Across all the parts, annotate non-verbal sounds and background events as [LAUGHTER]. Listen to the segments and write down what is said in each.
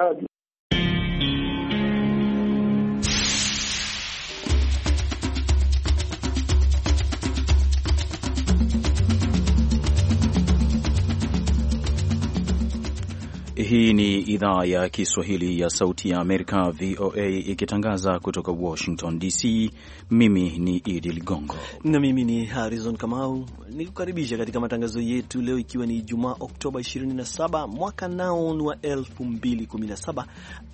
Uh, Hii ni idhaa ya Kiswahili ya Sauti ya Amerika, VOA, ikitangaza kutoka Washington DC. Mimi ni Idi Ligongo na mimi ni Harrison Kamau, nikukaribisha katika matangazo yetu leo, ikiwa ni jumaa Oktoba 27 mwaka ni wa 2017,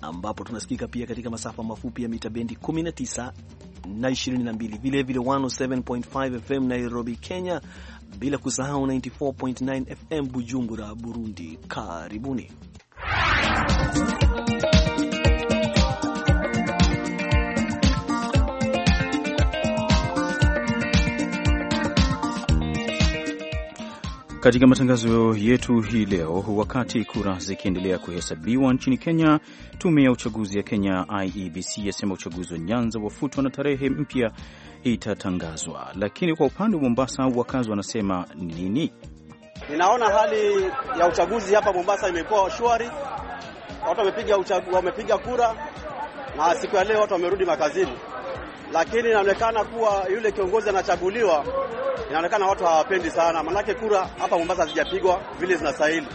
ambapo tunasikika pia katika masafa mafupi ya mita bendi 19 na 22, vilevile 107.5 FM Nairobi, Kenya, bila kusahau 94.9 FM Bujumbura, Burundi. Karibuni. Katika matangazo yetu hii leo, wakati kura zikiendelea kuhesabiwa nchini Kenya, tume ya uchaguzi ya Kenya IEBC yasema uchaguzi wa Nyanza wafutwa na tarehe mpya itatangazwa. Lakini kwa upande wa Mombasa, wakazi wanasema nini? Ninaona hali ya uchaguzi hapa Mombasa imekuwa shwari, watu wamepiga wamepiga kura na siku ya leo watu wamerudi makazini, lakini inaonekana kuwa yule kiongozi anachaguliwa, inaonekana watu hawapendi sana, manake kura hapa Mombasa hazijapigwa vile zinastahili.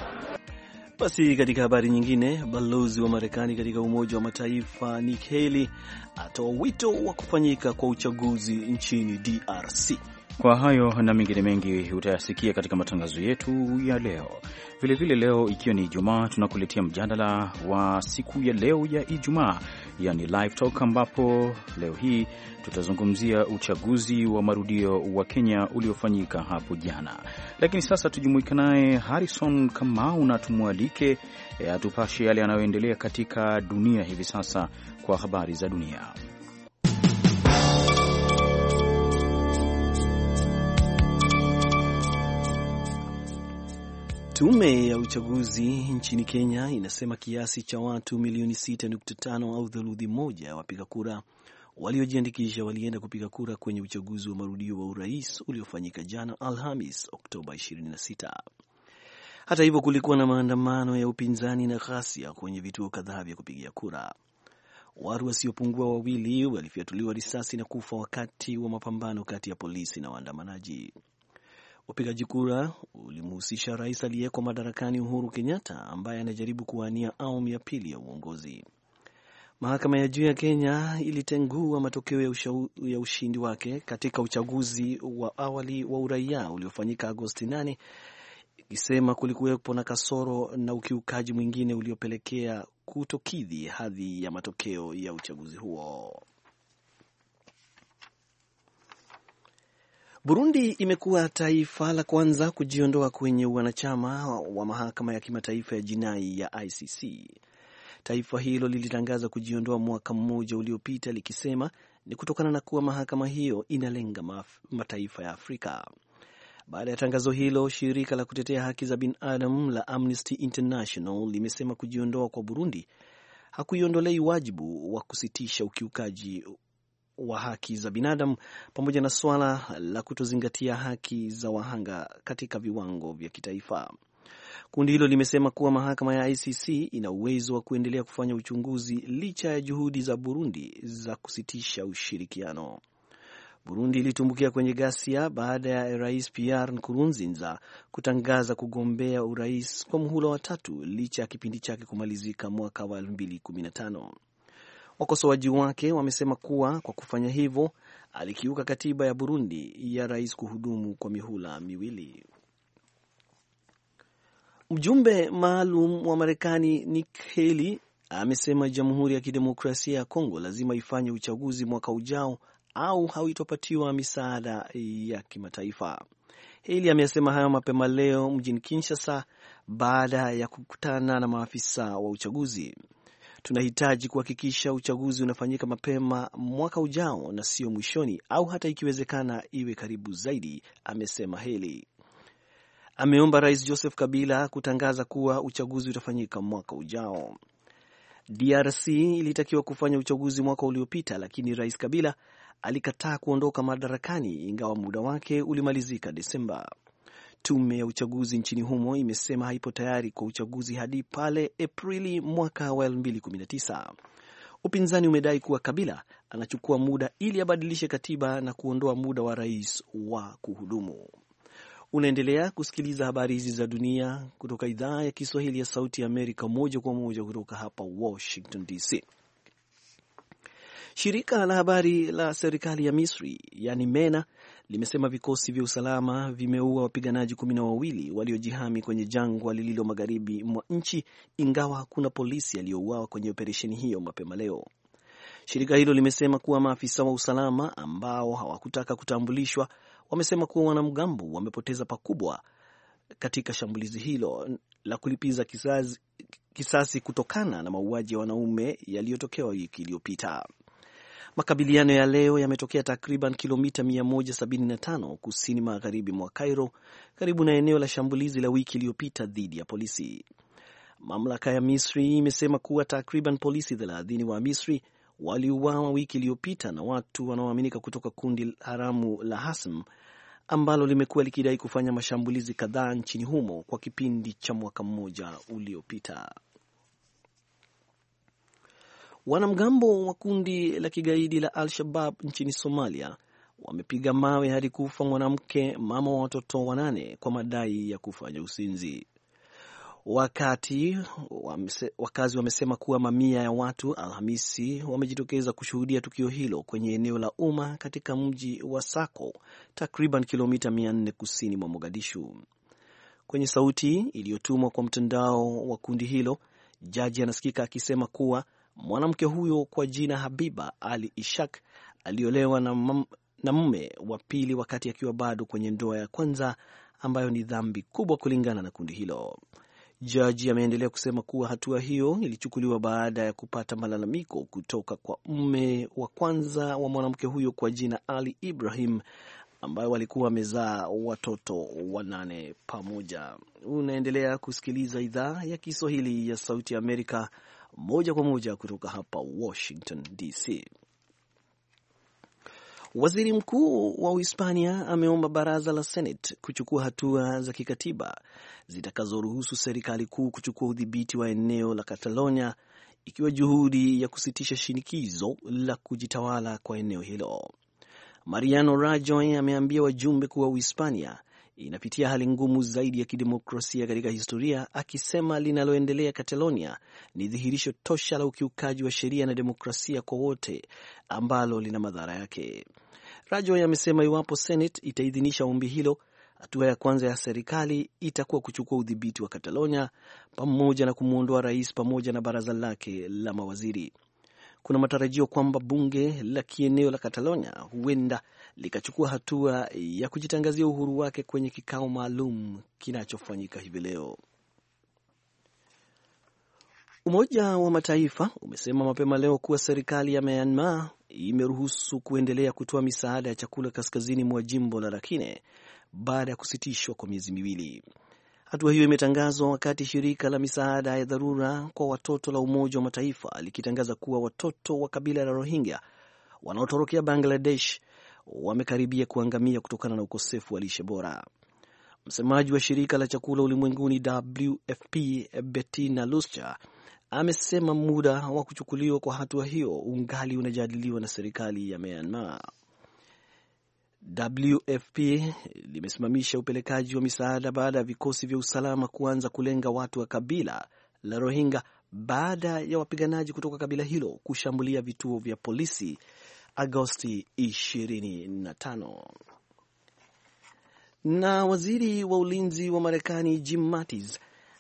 Basi katika habari nyingine, balozi wa Marekani katika Umoja wa Mataifa Nikki Haley atoa wito wa kufanyika kwa uchaguzi nchini DRC. Kwa hayo na mengine mengi utayasikia katika matangazo yetu ya leo. Vilevile vile leo ikiwa ni Ijumaa, tunakuletea mjadala wa siku ya leo ya Ijumaa, yani live talk, ambapo leo hii tutazungumzia uchaguzi wa marudio wa Kenya uliofanyika hapo jana. Lakini sasa tujumuika naye Harrison Kamau na tumwalike eh, atupashe yale yanayoendelea katika dunia hivi sasa kwa habari za dunia. Tume ya uchaguzi nchini Kenya inasema kiasi cha watu milioni 6.5 au theluthi moja ya wapiga kura waliojiandikisha walienda kupiga kura kwenye uchaguzi wa marudio wa urais uliofanyika jana Alhamis, Oktoba 26. Hata hivyo, kulikuwa na maandamano ya upinzani na ghasia kwenye vituo kadhaa vya kupigia kura. Watu wasiopungua wawili walifyatuliwa risasi na kufa wakati wa mapambano kati ya polisi na waandamanaji. Upigaji kura ulimhusisha rais aliyeko madarakani Uhuru Kenyatta ambaye anajaribu kuwania awamu ya pili ya uongozi. Mahakama ya juu ya Kenya ilitengua matokeo ya, ya ushindi wake katika uchaguzi wa awali wa uraia uliofanyika Agosti 8 ikisema kulikuwepo na kasoro na ukiukaji mwingine uliopelekea kutokidhi hadhi ya matokeo ya uchaguzi huo. Burundi imekuwa taifa la kwanza kujiondoa kwenye wanachama wa mahakama ya kimataifa ya jinai ya ICC. Taifa hilo lilitangaza kujiondoa mwaka mmoja uliopita likisema ni kutokana na kuwa mahakama hiyo inalenga mataifa ya Afrika. Baada ya tangazo hilo, shirika la kutetea haki za binadamu la Amnesty International limesema kujiondoa kwa Burundi hakuiondolei wajibu wa kusitisha ukiukaji wa haki za binadamu pamoja na suala la kutozingatia haki za wahanga katika viwango vya kitaifa. Kundi hilo limesema kuwa mahakama ya ICC ina uwezo wa kuendelea kufanya uchunguzi licha ya juhudi za Burundi za kusitisha ushirikiano. Burundi ilitumbukia kwenye ghasia baada ya Rais Pierre Nkurunziza kutangaza kugombea urais kwa muhula wa tatu licha ya kipindi chake kumalizika mwaka wa 2015. Wakosoaji wake wamesema kuwa kwa kufanya hivyo alikiuka katiba ya Burundi ya rais kuhudumu kwa mihula miwili. Mjumbe maalum wa Marekani Nick Haley amesema Jamhuri ya Kidemokrasia ya Kongo lazima ifanye uchaguzi mwaka ujao au haitopatiwa misaada ya kimataifa. Haley amesema hayo mapema leo mjini Kinshasa baada ya kukutana na maafisa wa uchaguzi tunahitaji kuhakikisha uchaguzi unafanyika mapema mwaka ujao na sio mwishoni au hata ikiwezekana iwe karibu zaidi, amesema Haley. Ameomba Rais Joseph Kabila kutangaza kuwa uchaguzi utafanyika mwaka ujao. DRC ilitakiwa kufanya uchaguzi mwaka uliopita, lakini Rais Kabila alikataa kuondoka madarakani ingawa muda wake ulimalizika Desemba. Tume ya uchaguzi nchini humo imesema haipo tayari kwa uchaguzi hadi pale Aprili mwaka wa 2019. Upinzani umedai kuwa Kabila anachukua muda ili abadilishe katiba na kuondoa muda wa rais wa kuhudumu. Unaendelea kusikiliza habari hizi za dunia kutoka idhaa ya Kiswahili ya Sauti ya Amerika, moja kwa moja kutoka hapa Washington DC. Shirika la habari la serikali ya Misri yani MENA limesema vikosi vya usalama vimeua wapiganaji kumi na wawili waliojihami kwenye jangwa lililo magharibi mwa nchi, ingawa hakuna polisi aliyouawa kwenye operesheni hiyo mapema leo. Shirika hilo limesema kuwa maafisa wa usalama ambao hawakutaka kutambulishwa wamesema kuwa wanamgambo wamepoteza pakubwa katika shambulizi hilo la kulipiza kisasi, kisasi kutokana na mauaji ya wanaume yaliyotokea wiki iliyopita. Makabiliano ya leo yametokea takriban kilomita 175 kusini magharibi mwa Cairo, karibu na eneo la shambulizi la wiki iliyopita dhidi ya polisi. Mamlaka ya Misri imesema kuwa takriban polisi 30 wa Misri waliuawa wiki iliyopita na watu wanaoaminika kutoka kundi haramu la Hasm ambalo limekuwa likidai kufanya mashambulizi kadhaa nchini humo kwa kipindi cha mwaka mmoja uliopita. Wanamgambo wa kundi la kigaidi la Al-Shabab nchini Somalia wamepiga mawe hadi kufa mwanamke mama wa watoto wanane kwa madai ya kufanya usinzi. Wakati wakazi wamesema kuwa mamia ya watu Alhamisi wamejitokeza kushuhudia tukio hilo kwenye eneo la umma katika mji wa Sako, takriban kilomita 400 kusini mwa Mogadishu. Kwenye sauti iliyotumwa kwa mtandao wa kundi hilo, jaji anasikika akisema kuwa Mwanamke huyo kwa jina Habiba Ali Ishak aliolewa na mume wa pili wakati akiwa bado kwenye ndoa ya kwanza, ambayo ni dhambi kubwa kulingana na kundi hilo. Jaji ameendelea kusema kuwa hatua hiyo ilichukuliwa baada ya kupata malalamiko kutoka kwa mume wa kwanza wa mwanamke huyo kwa jina Ali Ibrahim ambayo walikuwa wamezaa watoto wanane pamoja. Unaendelea kusikiliza idhaa ya Kiswahili ya Sauti ya Amerika moja kwa moja kutoka hapa Washington DC. Waziri Mkuu wa Uhispania ameomba baraza la Senate kuchukua hatua za kikatiba zitakazoruhusu serikali kuu kuchukua udhibiti wa eneo la Catalonia, ikiwa juhudi ya kusitisha shinikizo la kujitawala kwa eneo hilo. Mariano Rajoy ameambia wajumbe kuwa Uhispania inapitia hali ngumu zaidi ya kidemokrasia katika historia, akisema linaloendelea Catalonia ni dhihirisho tosha la ukiukaji wa sheria na demokrasia kwa wote ambalo lina madhara yake. Rajoy amesema iwapo Senate itaidhinisha ombi hilo, hatua ya kwanza ya serikali itakuwa kuchukua udhibiti wa Catalonia pamoja na kumwondoa rais pamoja na baraza lake la mawaziri. Kuna matarajio kwamba bunge la kieneo la Catalonia huenda likachukua hatua ya kujitangazia uhuru wake kwenye kikao maalum kinachofanyika hivi leo. Umoja wa Mataifa umesema mapema leo kuwa serikali ya Myanmar imeruhusu kuendelea kutoa misaada ya chakula kaskazini mwa jimbo la Rakhine baada ya kusitishwa kwa miezi miwili. Hatua hiyo imetangazwa wakati shirika la misaada ya dharura kwa watoto la Umoja wa Mataifa likitangaza kuwa watoto wa kabila la Rohingya wanaotorokea Bangladesh wamekaribia kuangamia kutokana na ukosefu wa lishe bora. Msemaji wa shirika la chakula ulimwenguni WFP Bettina Lusche amesema muda wa kuchukuliwa kwa hatua hiyo ungali unajadiliwa na serikali ya Myanmar. WFP limesimamisha upelekaji wa misaada baada ya vikosi vya usalama kuanza kulenga watu wa kabila la Rohingya baada ya wapiganaji kutoka kabila hilo kushambulia vituo vya polisi Agosti 25. Na waziri wa ulinzi wa Marekani Jim Mattis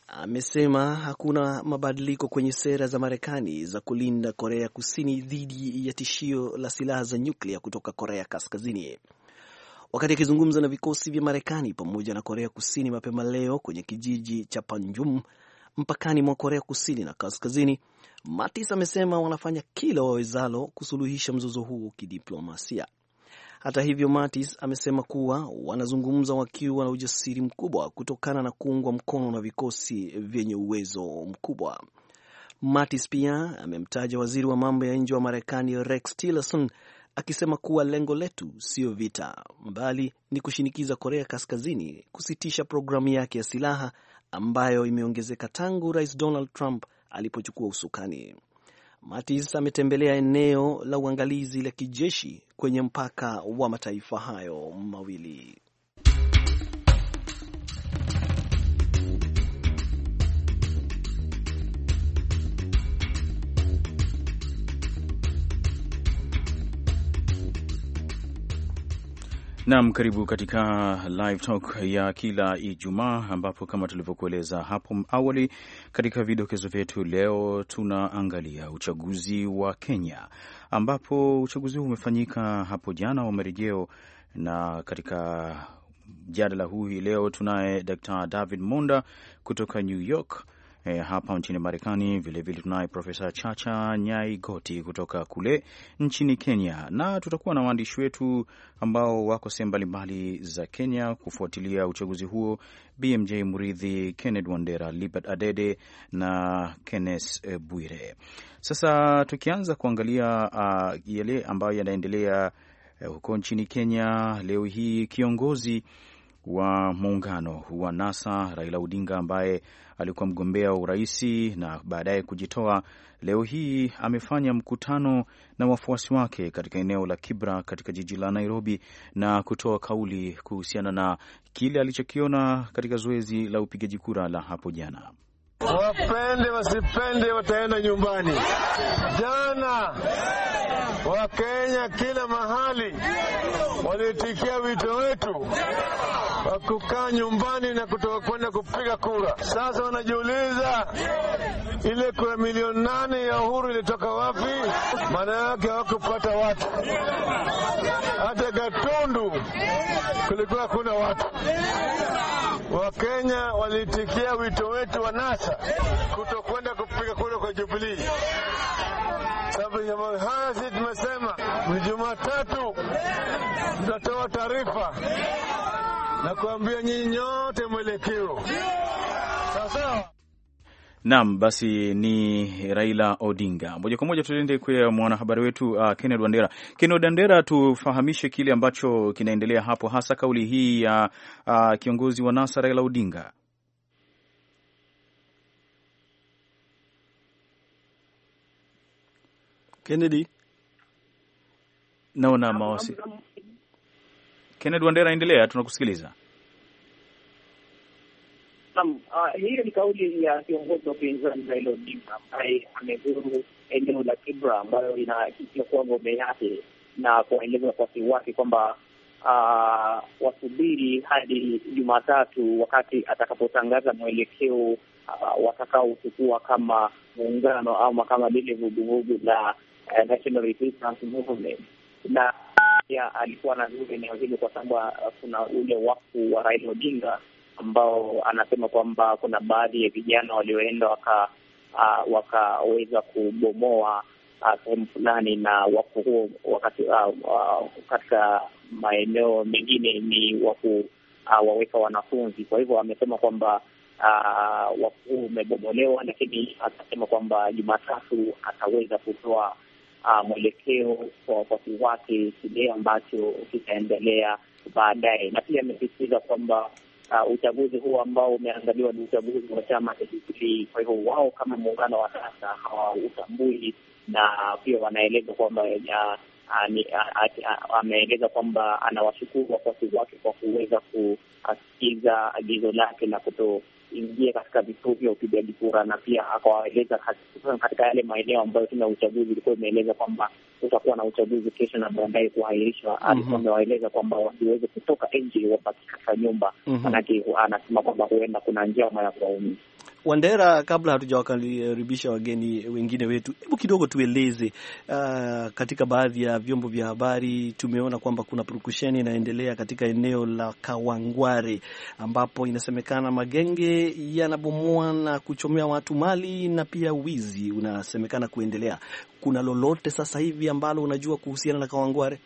amesema hakuna mabadiliko kwenye sera za Marekani za kulinda Korea Kusini dhidi ya tishio la silaha za nyuklia kutoka Korea Kaskazini. Wakati akizungumza na vikosi vya Marekani pamoja na Korea Kusini mapema leo kwenye kijiji cha Panjum mpakani mwa Korea kusini na kaskazini, Mattis amesema wanafanya kila wawezalo kusuluhisha mzozo huo kidiplomasia. Hata hivyo, Mattis amesema kuwa wanazungumza wakiwa na ujasiri mkubwa kutokana na kuungwa mkono na vikosi vyenye uwezo mkubwa. Mattis pia amemtaja waziri wa mambo ya nje wa Marekani Rex Tillerson akisema kuwa lengo letu sio vita, bali ni kushinikiza Korea Kaskazini kusitisha programu yake ya silaha ambayo imeongezeka tangu Rais Donald Trump alipochukua usukani. Mattis ametembelea eneo la uangalizi la kijeshi kwenye mpaka wa mataifa hayo mawili. Naam, karibu katika live talk ya kila Ijumaa, ambapo kama tulivyokueleza hapo awali katika vidokezo vyetu, leo tunaangalia uchaguzi wa Kenya, ambapo uchaguzi huu umefanyika hapo jana wa marejeo, na katika mjadala huu hii leo tunaye Dr. David Monda kutoka New York e, hapa nchini Marekani. Vilevile tunaye Profesa Chacha Nyai Goti kutoka kule nchini Kenya, na tutakuwa na waandishi wetu ambao wako sehemu mbalimbali za Kenya kufuatilia uchaguzi huo, BMJ Muridhi, Kenneth Wandera, Libert Adede na Kenneth eh, Bwire. Sasa tukianza kuangalia uh, yale ambayo yanaendelea uh, huko nchini Kenya leo hii, kiongozi wa muungano wa NASA Raila Odinga ambaye alikuwa mgombea wa uraisi na baadaye kujitoa, leo hii amefanya mkutano na wafuasi wake katika eneo la Kibra katika jiji la Nairobi na kutoa kauli kuhusiana na kile alichokiona katika zoezi la upigaji kura la hapo jana. Wapende wasipende, wataenda nyumbani. Jana Wakenya kila mahali waliitikia wito wetu wa kukaa nyumbani na kutoka kwenda kupiga kura. Sasa wanajiuliza ile kura milioni nane ya uhuru ilitoka wapi? Maana yake hawakupata watu, hata Gatundu kulikuwa hakuna watu. Wakenya waliitikia wito wetu wa NASA kutokwenda kupiga kura kwa Jubilii. Sababu haya si tumesema ni Jumatatu tutatoa taarifa na kuambia nyinyi nyote mwelekeo nam Naam, basi ni Raila Odinga. Moja kwa moja tuende kwa mwanahabari wetu uh, Kennedy Wandera. Kennedy Wandera, tufahamishe kile ambacho kinaendelea hapo, hasa kauli hii ya uh, uh, kiongozi wa NASA Raila Odinga. Kennedy, naona mawasi Kennedy Wandera, endelea, tunakusikiliza. Naam, ah, hiyo ni kauli ya kiongozi wa upinzani Raila Odinga ambaye amezuru eneo la Kibra ambayo inaakisiwa kuwa ngome yake na kuwaeleza wafuasi wake kwamba uh, wasubiri hadi Jumatatu wakati atakapotangaza mwelekeo uh, watakaochukua kama muungano ama kama lile vuguvugu la uh, National Resistance Movement na pia alikuwa anazuru eneo hili kwa sababu uh, kuna ule wakfu wa Raila Odinga ambao anasema kwamba kuna baadhi ya vijana walioenda waka uh, wakaweza kubomoa uh, sehemu fulani na wakfu huo wakati, uh, uh, katika maeneo mengine ni waku uh, waweka wanafunzi. Kwa hivyo amesema kwamba uh, wakfu umebomolewa, lakini akasema kwamba Jumatatu ataweza kutoa uh, mwelekeo kwa wafuasi wake, kile ambacho kitaendelea baadaye, na pia amesisitiza kwamba uh, uchaguzi huu ambao umeangaliwa ni uchaguzi wa chama cha Jubilii. Kwa hivyo wao kama muungano wa sasa hawautambui, na pia wanaeleza kwamba uh, uh, uh, ameeleza kwamba anawashukuru wafuasi wake kwa kuweza kusikiza agizo lake la kuto ingie katika vituo vya upigaji kura, na pia akawaeleza katika yale maeneo ambayo tume ya uchaguzi ilikuwa imeeleza kwamba kutakuwa na uchaguzi kesho na baadaye kuahirishwa. Mhm. Alikuwa amewaeleza kwamba wasiweze kutoka nje, wabaki katika nyumba, mhm. manake anasema kwamba huenda kuna njama ya kuwaumia. Wandera, kabla hatujawakaribisha wageni wengine wetu, hebu kidogo tueleze, uh, katika baadhi ya vyombo vya habari tumeona kwamba kuna purukusheni inaendelea katika eneo la Kawangware ambapo inasemekana magenge yanabomoa na kuchomea watu mali na pia wizi unasemekana kuendelea. Kuna lolote sasa hivi ambalo unajua kuhusiana na Kawangware?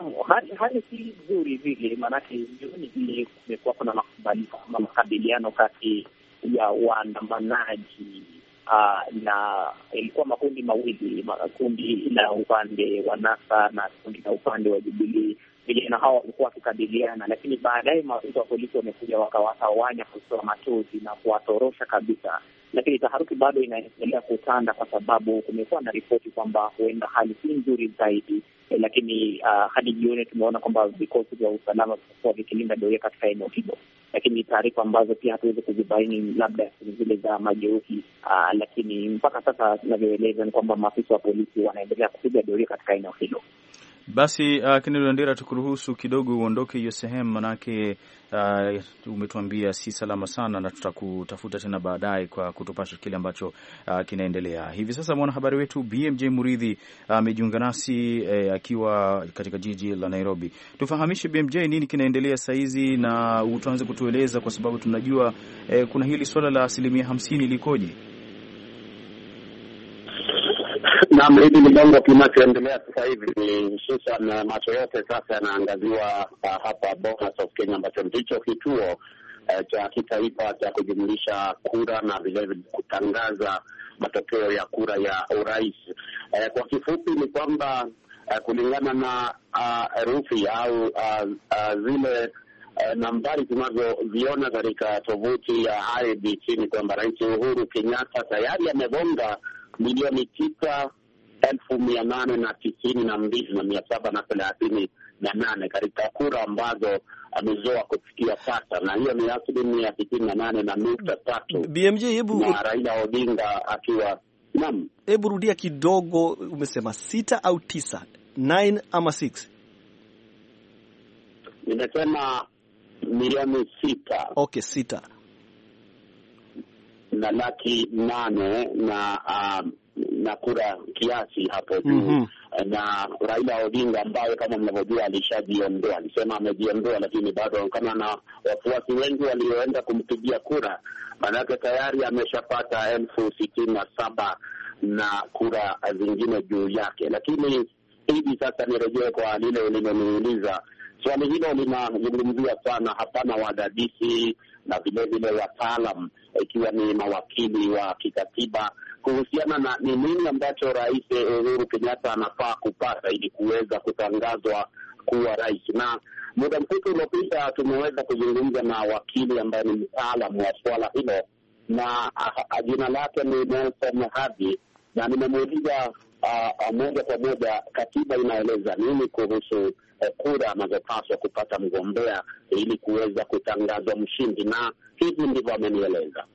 Hali si nzuri vile, maanake jioni vile kumekuwa kuna makubaliano ama makabiliano kati ya waandamanaji uh, na ilikuwa makundi mawili, kundi la upande wa NASA na kundi la upande wa Jubilii vijana hao walikuwa wakikabiliana, lakini baadaye maafisa wa polisi wamekuja wakawatawanya kutoa machozi na kuwatorosha kabisa. Lakini taharuki bado inaendelea kutanda kwa sababu kumekuwa na ripoti kwamba huenda hali si nzuri zaidi, lakini uh, hadi jioni tumeona kwamba vikosi vya usalama vimekuwa vikilinda doria katika eneo hilo, lakini taarifa ambazo pia hatuwezi kuzibaini, labda ni zile za majeruhi uh, lakini mpaka sasa tunavyoeleza ni kwamba maafisa wa polisi wanaendelea kupiga doria katika eneo hilo. Basi uh, Kennedy Wandera, tukuruhusu kidogo uondoke hiyo sehemu, manake uh, umetuambia si salama sana, na tutakutafuta tena baadaye kwa kutupasha kile ambacho uh, kinaendelea hivi sasa. Mwanahabari wetu BMJ Muridhi amejiunga uh, nasi uh, akiwa katika jiji la Nairobi. Tufahamishe BMJ, nini kinaendelea saizi, na tuanze kutueleza kwa sababu tunajua uh, kuna hili swala la asilimia hamsini likoje? [LAUGHS] Naam, hili ligongo, kinachoendelea sasa hivi ni hususan, eh, macho yote sasa yanaangaziwa ah, hapa Bomas of Kenya, ambacho ndicho kituo eh, cha kitaifa cha kujumlisha kura na vilevile kutangaza matokeo ya kura ya urais. Eh, kwa kifupi ni kwamba eh, kulingana na ah, herufi uh, au uh, uh, zile uh, nambari tunazoziona katika tovuti ya IBC ni kwamba Rais Uhuru Kenyatta tayari amegonga milioni tisa elfu mia nane na tisini na mbili na mia saba na thelathini na nane katika kura ambazo amezoa kufikia sasa, na hiyo ni asilimia sitini na nane na nukta tatu BMJ. Hebu na Raila Odinga akiwa nam, hebu rudia kidogo, umesema sita au tisa? Nine ama six? Nimesema milioni sita. Okay, sita na laki nane na um, na kura kiasi hapo juu mm -hmm. na Raila Odinga ambaye kama mnavyojua alishajiondoa, alisema amejiondoa, lakini bado kama na wafuasi wengi walioenda kumpigia kura, maanake tayari ameshapata elfu sitini na saba na kura zingine juu yake. Lakini hivi sasa nirejee kwa lile ulimeniuliza swali hilo, linazungumziwa sana, hapana wadadisi na vilevile wataalam, ikiwa ni mawakili wa kikatiba kuhusiana na ni nini ambacho Rais Uhuru Kenyatta anafaa kupata ili kuweza kutangazwa kuwa rais. Na muda mfupi uliopita tumeweza kuzungumza na wakili ambaye ni mtaalamu wa suala hilo na jina lake ni Nelson Havi, na nimemuuliza moja kwa moja katiba inaeleza nini kuhusu kura anazopaswa kupata mgombea ili kuweza kutangazwa mshindi, na hivi ndivyo amenieleza.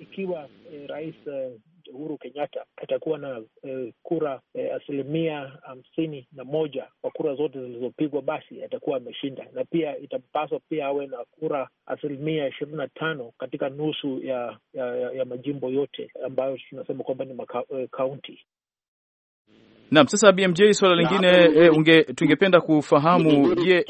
Ikiwa eh, rais eh, Uhuru Kenyatta atakuwa na eh, kura eh, asilimia hamsini na moja kwa kura zote zilizopigwa, basi atakuwa ameshinda, na pia itampaswa pia awe na kura asilimia ishirini na tano katika nusu ya, ya, ya majimbo yote ambayo tunasema kwamba ni eh, kaunti. Naam, sasa BMJ, swala lingine e, unge, tungependa kufahamu je,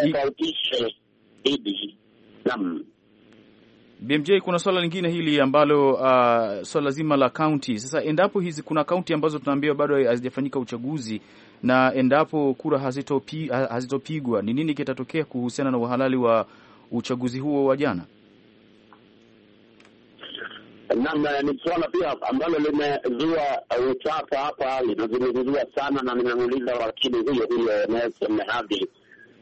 BMJ, kuna swala lingine hili ambalo uh, swala zima la kaunti sasa, endapo hizi kuna kaunti ambazo tunaambiwa bado hazijafanyika uchaguzi, na endapo kura hazitopigwa, ni nini kitatokea kuhusiana na uhalali wa uchaguzi huo wa jana? Naam, ni suala pia ambalo limezua utata hapa, linazungumziwa sana na nimemuuliza wakili huyo huyo Nelson Havi,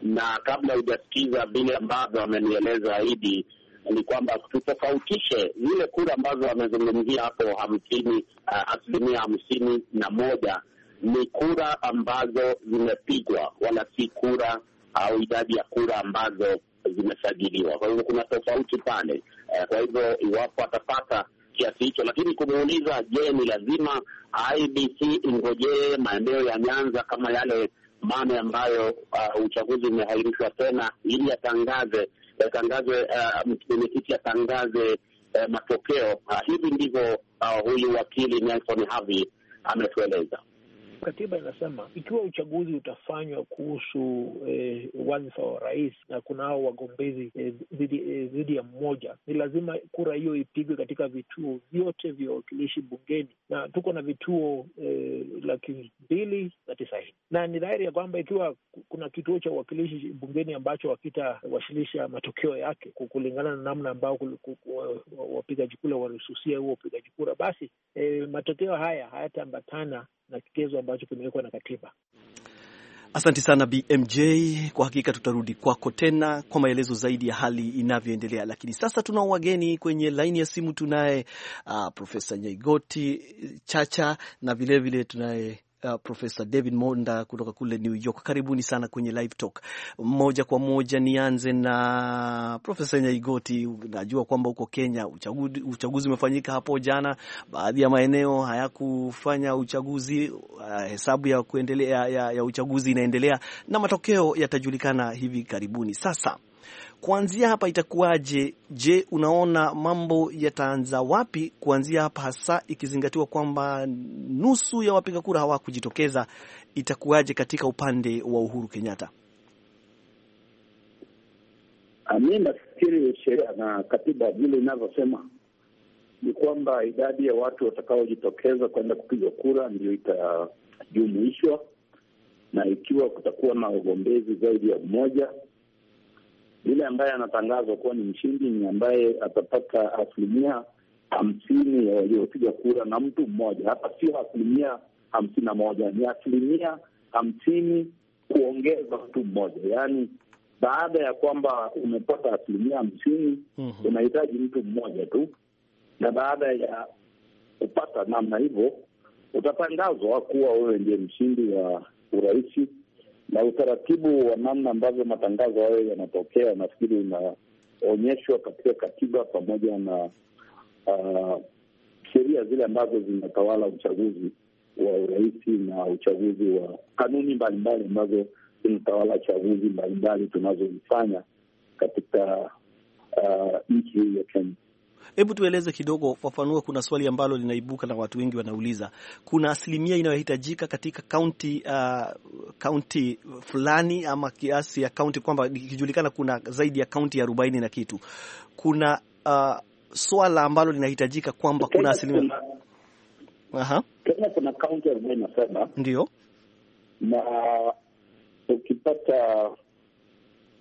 na kabla hujasikiza vile ambavyo amenieleza Idi ni kwamba tutofautishe zile kura ambazo wamezungumzia hapo hamsini, uh, asilimia hamsini na moja ni kura ambazo zimepigwa, wala si kura au idadi ya kura ambazo zimesajiliwa. Kwa hivyo kuna tofauti pale. Eh, kwa hivyo iwapo atapata kiasi hicho, lakini kumuuliza, je, ni lazima IBC ingojee maeneo ya Nyanza kama yale mane ambayo uh, uchaguzi umehairishwa tena ili atangaze atangaze uh, mwenyekiti atangaze uh, matokeo. Uh, hivi ndivyo huyu wakili Nelson Havi ametueleza katiba inasema ikiwa uchaguzi utafanywa kuhusu eh, wadhifa wa rais na kuna ao wagombezi eh, dhidi eh, ya mmoja, ni lazima kura hiyo ipigwe katika vituo vyote vya wawakilishi bungeni, na tuko na vituo eh, laki mbili na tisaini, na ni dhahiri ya kwamba ikiwa kuna kituo cha uwakilishi bungeni ambacho hakitawasilisha matokeo yake kulingana na namna ambao wapigaji kura walisusia huo upigaji kura, basi eh, matokeo haya hayataambatana na kigezo ambacho kimewekwa na katiba. Asante sana BMJ, kwa hakika tutarudi kwako tena kwa maelezo zaidi ya hali inavyoendelea, lakini sasa tuna wageni kwenye laini ya simu. Tunaye uh, Profesa Nyaigoti Chacha na vilevile tunaye uh, Profesa David Monda kutoka kule New York. Karibuni sana kwenye Live Talk. Moja kwa moja nianze na Profesa Nyaigoti, najua kwamba huko Kenya uchaguzi, uchaguzi umefanyika hapo jana, baadhi ya maeneo hayakufanya uchaguzi. Uh, hesabu ya, kuendelea, ya, ya uchaguzi inaendelea na matokeo yatajulikana hivi karibuni. Sasa kuanzia hapa itakuwaje? Je, unaona mambo yataanza wapi kuanzia hapa, hasa ikizingatiwa kwamba nusu ya wapiga kura hawakujitokeza? Itakuwaje katika upande wa Uhuru Kenyatta? Ah, Mi nafikiri sheria na katiba vile inavyosema ni kwamba idadi ya watu watakaojitokeza kwenda kupiga kura ndio itajumuishwa, na ikiwa kutakuwa na ugombezi zaidi ya mmoja yule ambaye anatangazwa kuwa ni mshindi ni ambaye atapata asilimia hamsini ya waliopiga kura na mtu mmoja. Hapa sio asilimia hamsini na moja, ni asilimia hamsini kuongeza mtu mmoja, yaani baada ya kwamba umepata asilimia hamsini mm -hmm. unahitaji mtu mmoja tu, na baada ya kupata namna hivyo utatangazwa kuwa wewe ndiye mshindi wa urais na utaratibu wa namna ambavyo matangazo hayo yanatokea, nafikiri unaonyeshwa katika katiba pamoja na uh, sheria zile ambazo zinatawala uchaguzi wa urais na uchaguzi wa kanuni mbalimbali ambazo zinatawala chaguzi mbalimbali tunazozifanya katika uh, nchi hii ya Kenya. Hebu tueleze kidogo, fafanua. Kuna swali ambalo linaibuka na watu wengi wanauliza, kuna asilimia inayohitajika katika kaunti uh, kaunti fulani ama kiasi ya kaunti, kwamba ikijulikana kuna zaidi ya kaunti ya arobaini na kitu, kuna uh, swala ambalo linahitajika kwamba kuna asilimia Aha. Kenya kuna kaunti arobaini na saba ndio, na ukipata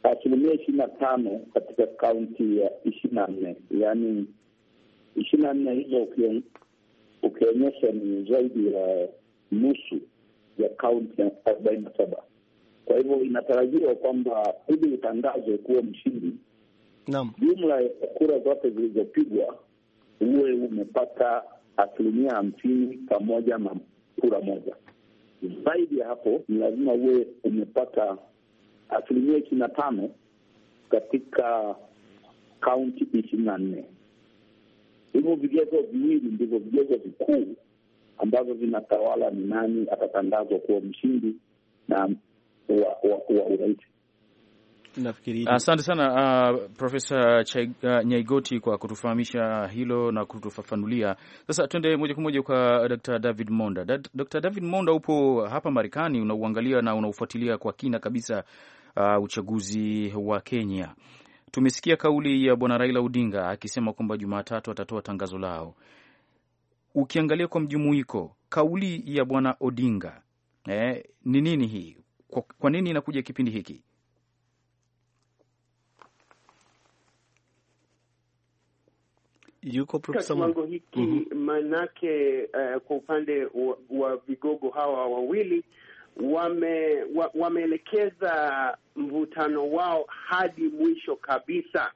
asilimia ishirini na tano katika kaunti ya ishirini na nne yaani ishirini na nne hizo ukionyesha ni zaidi ya nusu ya kaunti arobaini na saba. Kwa hivyo inatarajiwa kwamba ili utangazo kuwa mshindi, naam, jumla ya kura zote zilizopigwa uwe umepata asilimia hamsini pamoja na kura moja. Zaidi ya hapo, ni lazima uwe umepata asilimia ishirini na tano katika kaunti ishirini na nne. Hivyo vigezo viwili ndivyo vigezo vikuu ambavyo vinatawala ni nani atatangazwa kuwa mshindi na wa, wa, wa urais. Asante sana uh, Profesa uh, Nyaigoti kwa kutufahamisha hilo na kutufafanulia. Sasa tuende moja kwa moja kwa Dr. David Monda. Dr. David Monda, upo hapa Marekani, unauangalia na unaufuatilia kwa kina kabisa uh, uchaguzi wa Kenya. Tumesikia kauli ya bwana Raila Odinga akisema kwamba Jumatatu atatoa tangazo lao. Ukiangalia kwa mjumuiko kauli ya bwana Odinga eh, ni nini hii? Kwa, kwa nini inakuja kipindi hiki? Yuko kiwango hiki mm -hmm. Manake uh, kwa upande wa, wa vigogo hawa wawili wame, wa, wameelekeza mvutano wao hadi mwisho kabisa.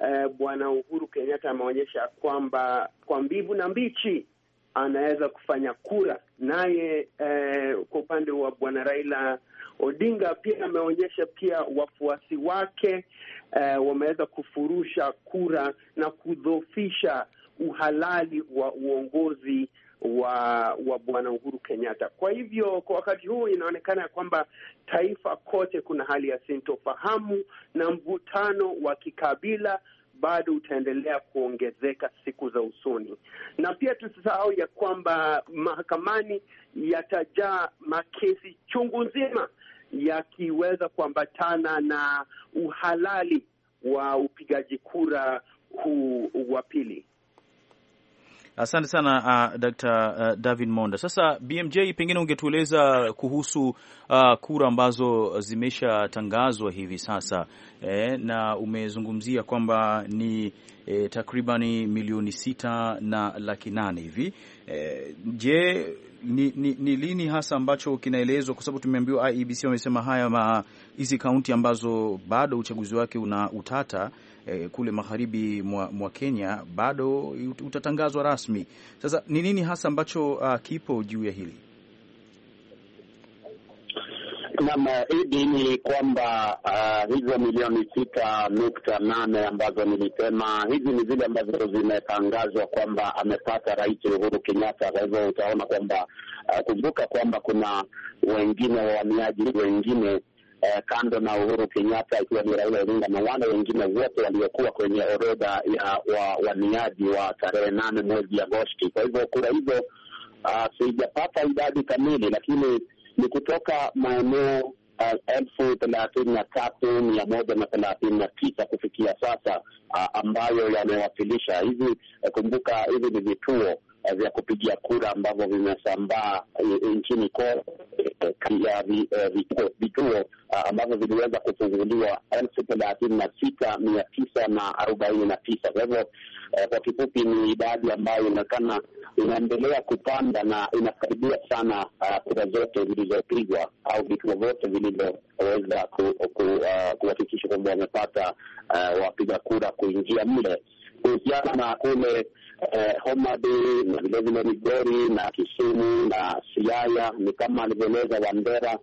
Eh, Bwana Uhuru Kenyatta ameonyesha kwamba kwa mbivu na mbichi anaweza kufanya kura naye. Eh, kwa upande wa Bwana Raila Odinga pia ameonyesha pia wafuasi wake eh, wameweza kufurusha kura na kudhoofisha uhalali wa uongozi wa wa Bwana Uhuru Kenyatta. Kwa hivyo kwa wakati huu inaonekana ya kwamba taifa kote kuna hali ya sintofahamu na mvutano wa kikabila bado utaendelea kuongezeka siku za usoni, na pia tusisahau ya kwamba mahakamani yatajaa makesi chungu nzima yakiweza kuambatana na uhalali wa upigaji kura huu wa pili. Asante sana uh, Dr. uh, David Monda. Sasa BMJ, pengine ungetueleza kuhusu uh, kura ambazo zimeshatangazwa hivi sasa eh, na umezungumzia kwamba ni eh, takribani milioni sita na laki nane hivi eh, je ni, ni, ni lini hasa ambacho kinaelezwa? Kwa sababu tumeambiwa IEBC wamesema haya hizi kaunti ambazo bado uchaguzi wake una utata eh, kule magharibi mwa, mwa Kenya bado utatangazwa rasmi. Sasa ni nini hasa ambacho uh, kipo juu ya hili? Naam, hidi eh, ni kwamba uh, hizo milioni sita nukta nane ambazo nilisema hizi ni zile ambazo zimetangazwa kwamba amepata Rais Uhuru Kenyatta. Kwa hivyo utaona kwamba uh, kumbuka kwamba kuna wengine wahamiaji wengine eh, kando na Uhuru Kenyatta ikiwa ni Raila Odinga na wale wengine wote waliokuwa kwenye orodha ya waniaji wa, wa tarehe nane mwezi Agosti. Kwa hivyo kura hizo uh, sijapata idadi kamili, lakini ni kutoka maeneo ah, elfu thelathini na tatu mia moja na thelathini na tisa kufikia sasa, uh, ambayo yamewasilisha hivi eh, Kumbuka hivi ni vituo Eh, vya kupigia kura ambavyo vimesambaa eh, nchini Kongo eh, ya vituo ah, ambavyo viliweza kufunguliwa elfu thelathini na sita mia tisa na arobaini na tisa. Kwa hivyo kwa kifupi, ni idadi ambayo inaonekana inaendelea kupanda na inakaribia sana ah, kura zote zilizopigwa au vituo vyote vilivyoweza ah, kuhakikisha kwamba wamepata wapiga kura kuingia mle kuhusiana na kule eh, Homa na vilevile Migori na Kisumu na Siaya, ni kama alivyoeleza Wandera,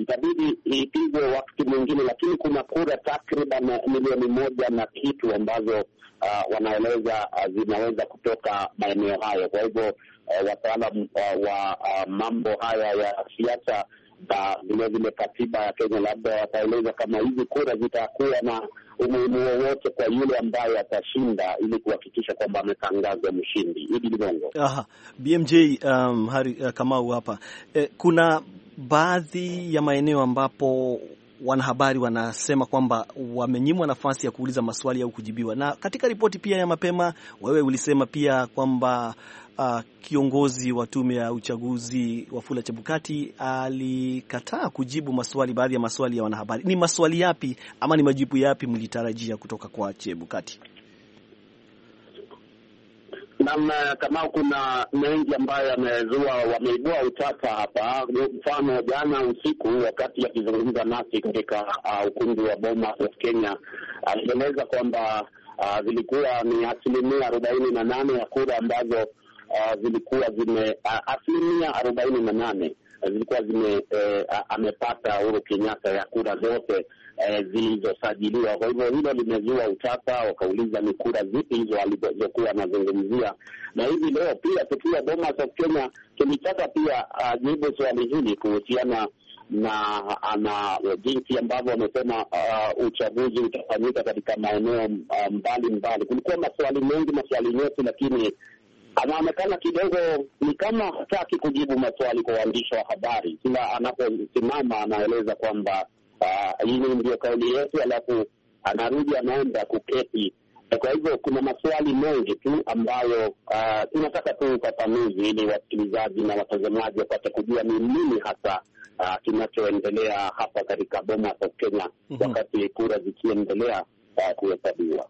itabidi ipigwe wakati mwingine, lakini kuna kura takriban milioni moja na kitu ambazo uh, wanaeleza uh, zinaweza kutoka maeneo hayo. Kwa hivyo uh, eh, wataalam uh, ah, wa uh, mambo haya ya siasa na vilevile katiba ya Kenya labda wataeleza kama hizi kura zitakuwa na umuhimu wowote kwa yule ambaye atashinda ili kuhakikisha kwamba ametangazwa mshindi. Idi Ligongo. Aha, BMJ um, Hari uh, Kamau hapa eh, kuna baadhi ya maeneo ambapo wanahabari wanasema kwamba wamenyimwa nafasi ya kuuliza maswali au kujibiwa. Na katika ripoti pia ya mapema, wewe ulisema pia kwamba uh, kiongozi wa tume ya uchaguzi Wafula Chebukati alikataa kujibu maswali, baadhi ya maswali ya wanahabari. Ni maswali yapi ama ni majibu yapi mlitarajia kutoka kwa Chebukati? Naam, kama kuna mengi ambayo yamezua, wameibua utata hapa. Mfano, jana usiku wakati akizungumza nasi katika uh, ukumbi wa Bomas of Kenya alieleza kwamba uh, zilikuwa ni asilimia arobaini na nane ya kura ambazo uh, zilikuwa zime uh, asilimia arobaini na nane zilikuwa zime uh, amepata Uhuru Kenyatta ya kura zote eh, zilizosajiliwa. Kwa hivyo hilo limezua utata, wakauliza ni kura zipi hizo alizokuwa anazungumzia. Na hivi leo pia tukiwa Bomas of Kenya tulitaka pia ajibu ah, jibu swali hili kuhusiana na ana jinsi ambavyo wamesema uh, uchaguzi utafanyika katika maeneo uh, mbalimbali. Kulikuwa maswali mengi, maswali nyeti, lakini anaonekana kidogo ni kama hataki kujibu maswali kwa waandishi wa habari. Kila anaposimama anaeleza kwamba Ah, Hili uh, ndio kauli yetu, alafu anarudi anaenda kuketi. Kwa hivyo kuna maswali mengi tu ambayo uh, tunataka tu ufafanuzi ili wasikilizaji na watazamaji wapate kujua ni nini hasa uh, kinachoendelea hapa katika Bomas of Kenya, mm -hmm. wakati kura zikiendelea uh, kuhesabiwa.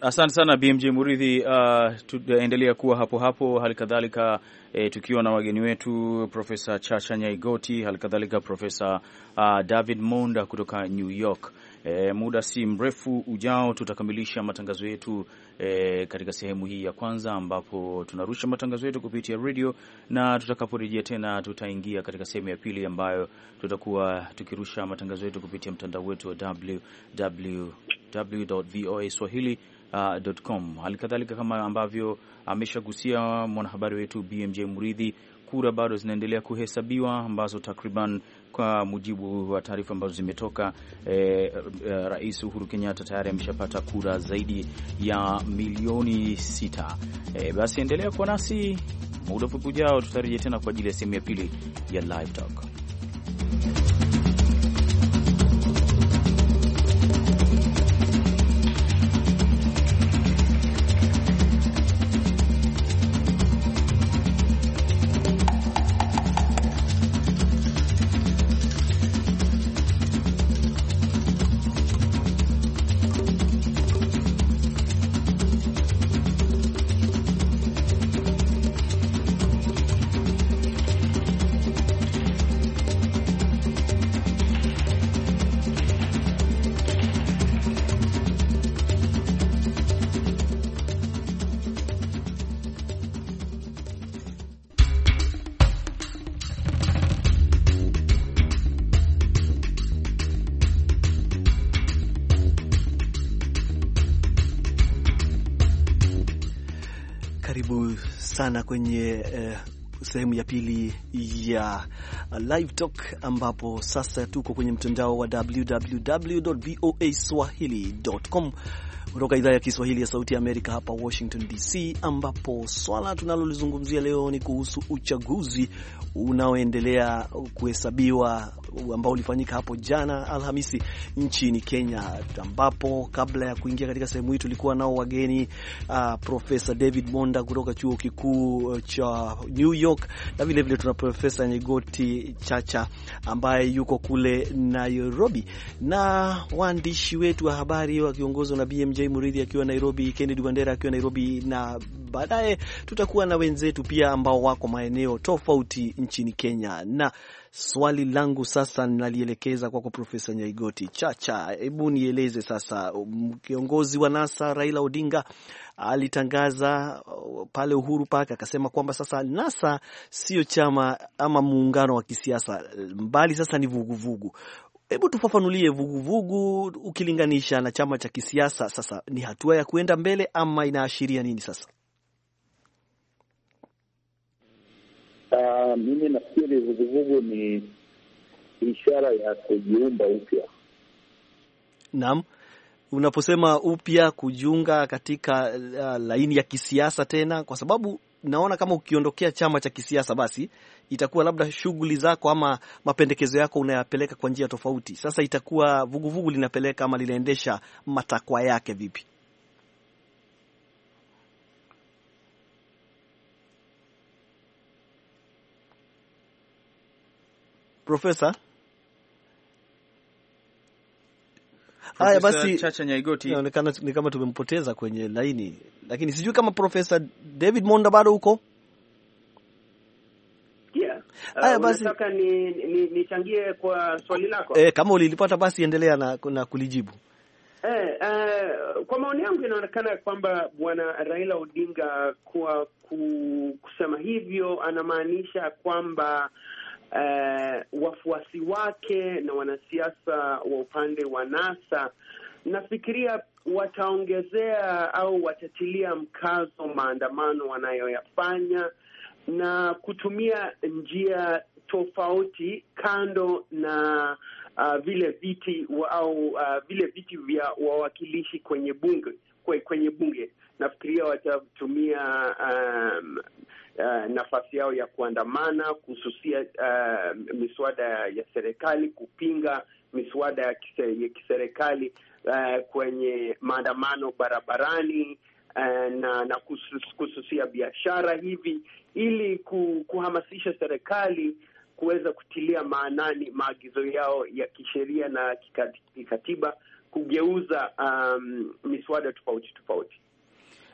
Asante sana BMJ Muridhi. Uh, tutaendelea kuwa hapo hapo, hali kadhalika eh, tukiwa na wageni wetu Profesa Chacha Nyaigoti, hali kadhalika Profesa uh, David Monda kutoka New York. E, muda si mrefu ujao tutakamilisha matangazo yetu e, katika sehemu hii ya kwanza ambapo tunarusha matangazo yetu kupitia radio na tutakaporejea tena tutaingia katika sehemu ya pili ambayo tutakuwa tukirusha matangazo yetu kupitia mtandao wetu wa www www.voaswahili.com. Uh, Halikadhalika, kama ambavyo ameshagusia mwanahabari wetu BMJ Muridhi, kura bado zinaendelea kuhesabiwa ambazo takriban kwa mujibu wa taarifa ambazo zimetoka e, Rais Uhuru Kenyatta tayari ameshapata kura zaidi ya milioni sita. E, basi endelea kuwa nasi, muda mfupi ujao tutarejea tena kwa ajili ya sehemu ya pili ya Live Talk. sana kwenye eh, sehemu ya pili ya Live Talk ambapo sasa tuko kwenye mtandao wa www.voaswahili.com kutoka idhaa ya Kiswahili ya Sauti ya Amerika hapa Washington DC, ambapo swala tunalolizungumzia leo ni kuhusu uchaguzi unaoendelea kuhesabiwa ambao ulifanyika hapo jana Alhamisi nchini Kenya, ambapo kabla ya kuingia katika sehemu hii tulikuwa nao wageni uh, Profesa David Monda kutoka chuo kikuu uh, cha New York na vilevile tuna Profesa Nyegoti Chacha ambaye yuko kule Nairobi na waandishi wetu wa habari wakiongozwa na BMJ BMJ Muridhi akiwa Nairobi, Kennedy Wandera akiwa Nairobi, na baadaye tutakuwa na wenzetu pia ambao wako maeneo tofauti nchini Kenya. Na swali langu sasa nalielekeza kwako Profesa Nyaigoti Chacha, hebu nieleze sasa, kiongozi wa NASA Raila Odinga alitangaza uh, pale Uhuru Park akasema kwamba sasa NASA sio chama ama muungano wa kisiasa, mbali sasa ni vuguvugu vugu. Hebu tufafanulie vuguvugu ukilinganisha na chama cha kisiasa sasa, ni hatua ya kuenda mbele ama inaashiria nini sasa? Uh, mimi nafikiri vuguvugu ni ishara ya kujiumba upya. Naam, unaposema upya kujiunga katika uh, laini ya kisiasa tena, kwa sababu naona kama ukiondokea chama cha kisiasa basi itakuwa labda shughuli zako ama mapendekezo yako unayapeleka kwa njia tofauti. Sasa itakuwa vuguvugu vugu linapeleka ama linaendesha matakwa yake vipi? Profesa Haya basi, Chacha Nyaigoti, inaonekana ni kama tumempoteza kwenye laini, lakini sijui kama Profesa David Monda bado huko. Haya uh, basi, nataka nichangie ni, kwa swali lako eh, kama ulilipata basi endelea na, na kulijibu eh, eh, kwa maoni yangu inaonekana kwamba bwana Raila Odinga kwa kusema hivyo anamaanisha kwamba uh, wafuasi wake na wanasiasa wa upande wa NASA nafikiria wataongezea au watatilia mkazo maandamano wanayoyafanya na kutumia njia tofauti kando na uh, vile viti au uh, vile viti vya wawakilishi kwenye bunge kwenye bunge nafikiria watatumia um, uh, nafasi yao ya kuandamana kususia uh, miswada ya serikali, kupinga miswada ya kiserikali uh, kwenye maandamano barabarani uh, na na kususia biashara hivi, ili kuhamasisha serikali kuweza kutilia maanani maagizo yao ya kisheria na kikatiba, kugeuza um, miswada tofauti tofauti.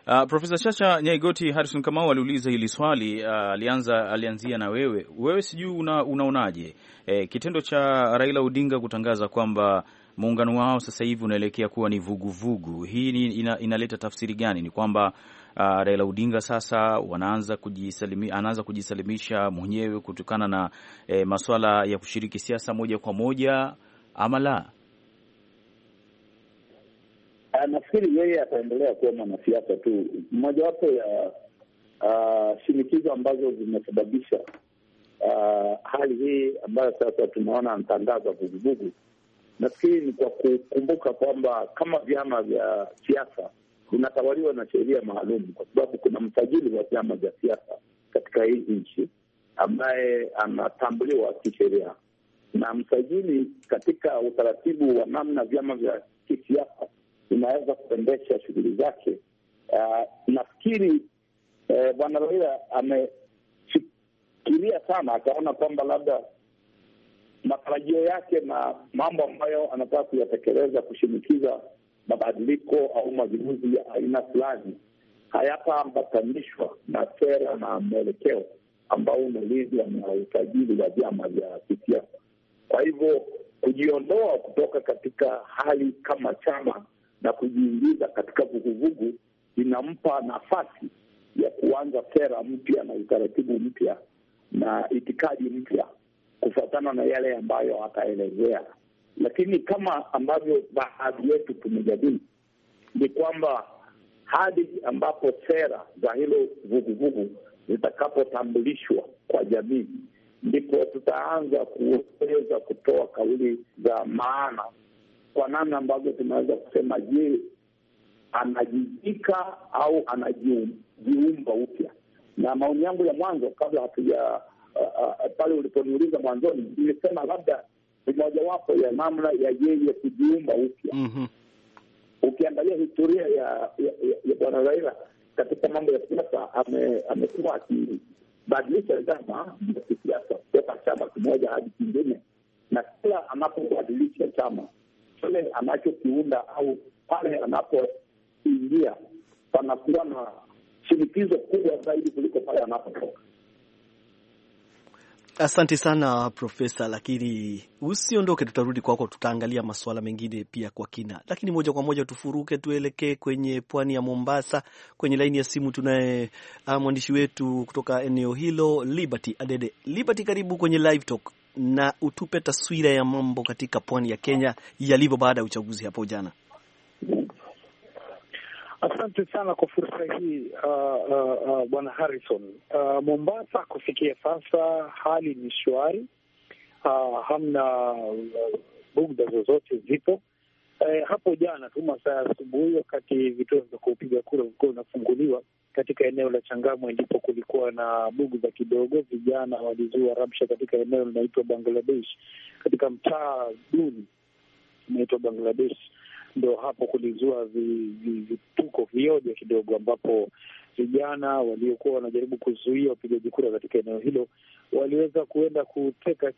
Uh, Profesa Chacha Nyaigoti Harrison Kamau aliuliza hili swali, uh, alianza alianzia na wewe. Wewe sijui una, unaonaje eh, kitendo cha Raila Odinga kutangaza kwamba muungano wao sasa hivi unaelekea kuwa ni vuguvugu vugu. Hii ina, inaleta tafsiri gani? Ni kwamba uh, Raila Odinga sasa wanaanza kujisalimi, anaanza kujisalimisha mwenyewe kutokana na eh, masuala ya kushiriki siasa moja kwa moja ama la? nafikiri yeye ataendelea kuwa mwanasiasa tu. Mojawapo ya uh, shinikizo ambazo zimesababisha uh, hali hii ambayo sasa tunaona anatangaza vuguvugu, nafikiri ni kwa kukumbuka kwamba kama vyama vya siasa vinatawaliwa na sheria maalum, kwa sababu kuna msajili wa vyama vya siasa katika hii nchi ambaye anatambuliwa kisheria na msajili. Katika utaratibu wa namna vyama vya kisiasa inaweza kuendesha shughuli zake. Uh, nafikiri eh, bwana Raila amefikiria sana, akaona kwamba labda matarajio yake na mambo ambayo anataka kuyatekeleza, kushinikiza mabadiliko au mageuzi ya aina fulani hayataambatanishwa na sera na mwelekeo ambao unalindwa na usajili wa vyama vya kisiasa. Kwa hivyo kujiondoa kutoka katika hali kama chama na kujiingiza katika vuguvugu inampa nafasi ya kuanza sera mpya na utaratibu mpya na itikadi mpya kufuatana na yale ambayo ataelezea. Lakini kama ambavyo baadhi yetu tumejadili, ni kwamba hadi ambapo sera za hilo vuguvugu zitakapotambulishwa kwa jamii, ndipo tutaanza kuweza kutoa kauli za maana kwa namna ambavyo tunaweza kusema, je, anajijika au anajiumba upya? Na maoni yangu ya mwanzo kabla hatuja uh, uh, pale uliponiuliza mwanzoni, nilisema labda ni mojawapo ya namna ya yeye kujiumba upya. mm -hmm. Ukiangalia historia ya, ya, ya, ya Bwana Raila katika mambo ya siasa, amekuwa akibadilisha chama vya kisiasa kutoka chama kimoja hadi kingine, na kila anapobadilisha chama kile anachokiunda au pale anapoingia panakuwa na shinikizo kubwa zaidi kuliko pale anapotoka. Asante sana Profesa, lakini usiondoke, tutarudi kwako, tutaangalia masuala mengine pia kwa kina, lakini moja kwa moja tufuruke, tuelekee kwenye pwani ya Mombasa. Kwenye laini ya simu tunaye ah, mwandishi wetu kutoka eneo hilo Liberty Adede. Liberty, karibu kwenye Live Talk na utupe taswira ya mambo katika pwani ya Kenya yalivyo baada ya uchaguzi hapo jana. Asante sana kwa fursa hii bwana uh, uh, uh, Harrison. Uh, Mombasa kufikia sasa hali ni shwari, uh, hamna uh, bugda zozote zipo Eh, hapo jana tu masaa ya asubuhi, wakati vituo vya kupiga kura vilikuwa vinafunguliwa katika eneo la Changamwe, ndipo kulikuwa na bugu za kidogo. Vijana walizua rabsha katika eneo linaitwa Bangladesh, katika mtaa duni unaitwa Bangladesh. Ndo hapo kulizua vituko vi, vioja kidogo, ambapo vijana waliokuwa wanajaribu kuzuia wapigaji kura katika eneo hilo waliweza kuenda kuteka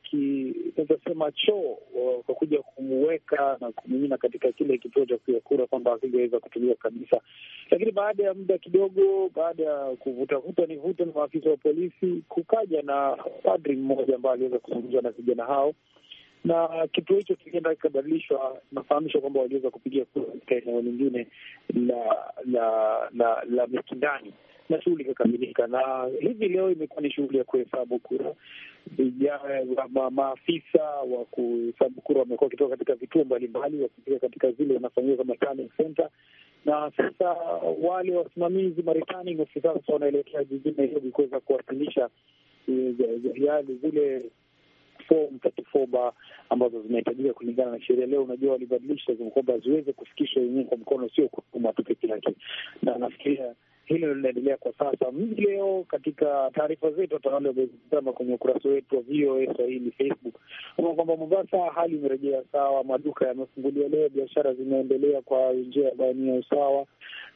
tunachosema choo, wakakuja kumweka na kumimina katika kile kituo cha kupiga kura, kwamba hakingeweza kutumiwa kabisa. Lakini baada ya muda kidogo, baada ya kuvutavuta ni vuta na maafisa wa polisi, kukaja na padri mmoja ambaye aliweza kuzungumza na vijana hao na kituo hicho kikienda kikabadilishwa. Nafahamishwa kwamba waliweza kupigia kura katika eneo lingine la la la, la Mikindani na shughuli ikakamilika. Na hivi leo imekuwa ni shughuli ya kuhesabu kura. Vijana maafisa wa kuhesabu kura wamekuwa wakitoka katika vituo mbalimbali, wakifika katika zile wanafanyiwa kama turning center, na sasa wale wasimamizi Marekani hivi sasa wanaelekea jijini Nairobi kuweza kuwasilisha eh, zile ambazo zinahitajika kulingana na sheria. Leo unajua walibadilisha kwamba ziweze kufikisha wenyewe kwa mkono, sio kutuma tu peke yake, na nafikiria hilo linaendelea kwa sasa. mji Leo katika taarifa zetu atakazozitazama kwenye ukurasa wetu wa VOA Swahili Facebook kama kwamba Mombasa hali imerejea sawa, maduka yamefunguliwa leo, biashara zimeendelea kwa njia ambayo ni ya usawa.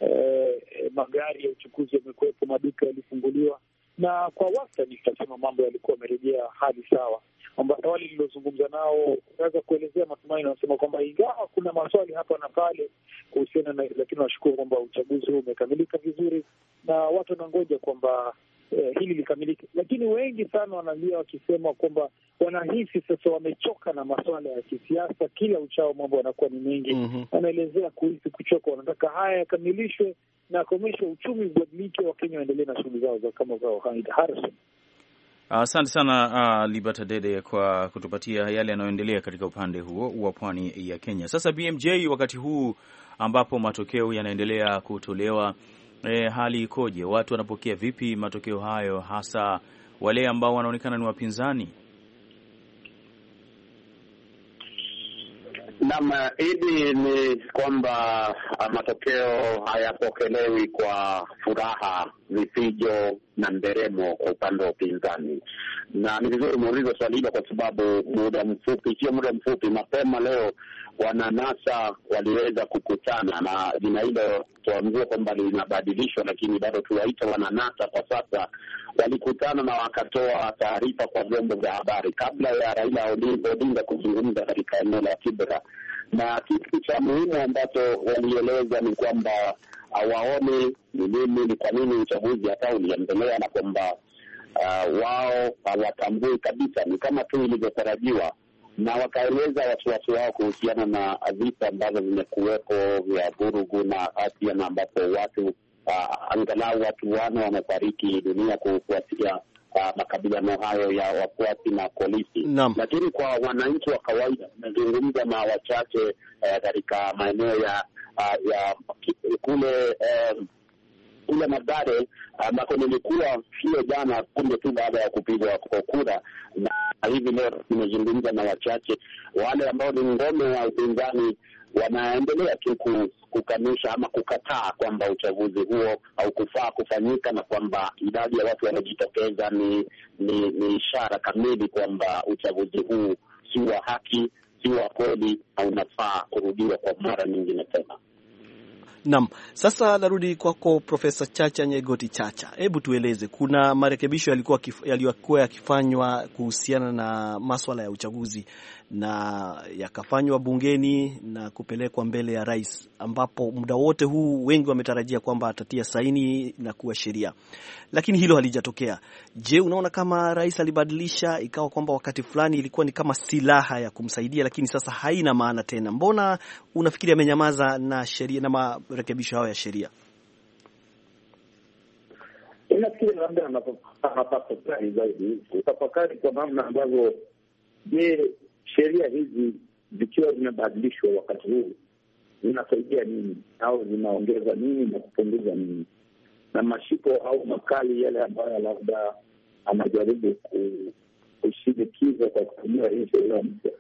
E, magari ya uchukuzi yamekuwepo, maduka yalifunguliwa na kwa wastani tutasema mambo yalikuwa yamerejea hali sawa. Kwamba awali lilozungumza nao unaweza kuelezea matumaini, wanasema kwamba ingawa kuna maswali hapa na pale kuhusiana na, lakini washukuru kwamba uchaguzi huu umekamilika vizuri na watu wanangoja kwamba eh, hili likamilike. Lakini wengi sana wanalia wakisema kwamba wanahisi sasa wamechoka na maswala ya kisiasa, kila uchao mambo yanakuwa ni mengi. Mhm. Wanaelezea mm -hmm. kuhisi kuchoka, wanataka haya yakamilishwe na kuamrisha uchumi ubadilike, Wakenya waendelee na shughuli zao za kama zao kawaida. Harrison. Asante uh, sana uh, Liberta Dede kwa kutupatia yale yanayoendelea katika upande huo wa pwani ya Kenya. Sasa BMJ, wakati huu ambapo matokeo yanaendelea kutolewa, e, hali ikoje? Watu wanapokea vipi matokeo hayo, hasa wale ambao wanaonekana ni wapinzani? Naam, hili eh, ni kwamba ah, matokeo hayapokelewi kwa furaha, vifijo na nderemo kwa upande wa upinzani, na ni vizuri umeuliza swali hilo kwa sababu muda mfupi, sio muda mfupi, mapema leo wananasa waliweza kukutana na jina hilo tuambiwa kwamba linabadilishwa, lakini bado tuwaita wananasa kwa sasa. Walikutana na wakatoa taarifa kwa vyombo vya habari kabla ya Raila Odinga kuzungumza katika eneo la Kibra, na kitu cha muhimu ambacho walieleza ni kwamba hawaoni ni nini, ni kwa nini uchaguzi hata uliendelea, na kwamba uh, wao hawatambui kabisa, ni kama tu ilivyotarajiwa na wakaeleza wasiwasi wao kuhusiana na vita ambavyo vimekuwepo vya vurugu na ghasia, na ambapo watu uh, angalau watu wane wamefariki dunia kufuatia Uh, makabiliano hayo ya wafuasi na polisi. Lakini kwa wananchi wa kawaida, wamezungumza na wachache eh, katika uh, maeneo ya, uh, ya kule um, kule madare ambako nilikuwa hiyo jana punde tu baada ya kupigwa kwa kura, na hivi leo nimezungumza na wachache wale ambao ni ngome wa upinzani wanaendelea tu kukanusha ama kukataa kwamba uchaguzi huo haukufaa kufanyika na kwamba idadi ya watu wanaojitokeza ni, ni ni ishara kamili kwamba uchaguzi huu si wa haki, si wa kweli na unafaa kurudiwa kwa mara nyingine tena. Naam, sasa narudi kwako Profesa Chacha Nyegoti Chacha, hebu tueleze, kuna marekebisho yaliyokuwa yakifanywa kuhusiana na maswala ya uchaguzi na yakafanywa bungeni na kupelekwa mbele ya rais, ambapo muda wote huu wengi wametarajia kwamba atatia saini na kuwa sheria, lakini hilo halijatokea. Je, unaona kama rais alibadilisha ikawa kwamba wakati fulani ilikuwa ni kama silaha ya kumsaidia, lakini sasa haina maana tena? Mbona unafikiri amenyamaza na sheria na marekebisho hayo ya sheria? Nafikiri labda anapaswa zaidi kutafakari kwa namna ambavyo je Sheria hizi zikiwa zimebadilishwa wakati huu zinasaidia nini au zinaongeza nini na kupunguza nini? Na mashiko au makali yale ambayo labda anajaribu kushinikiza kwa kutumia hii sheria mpya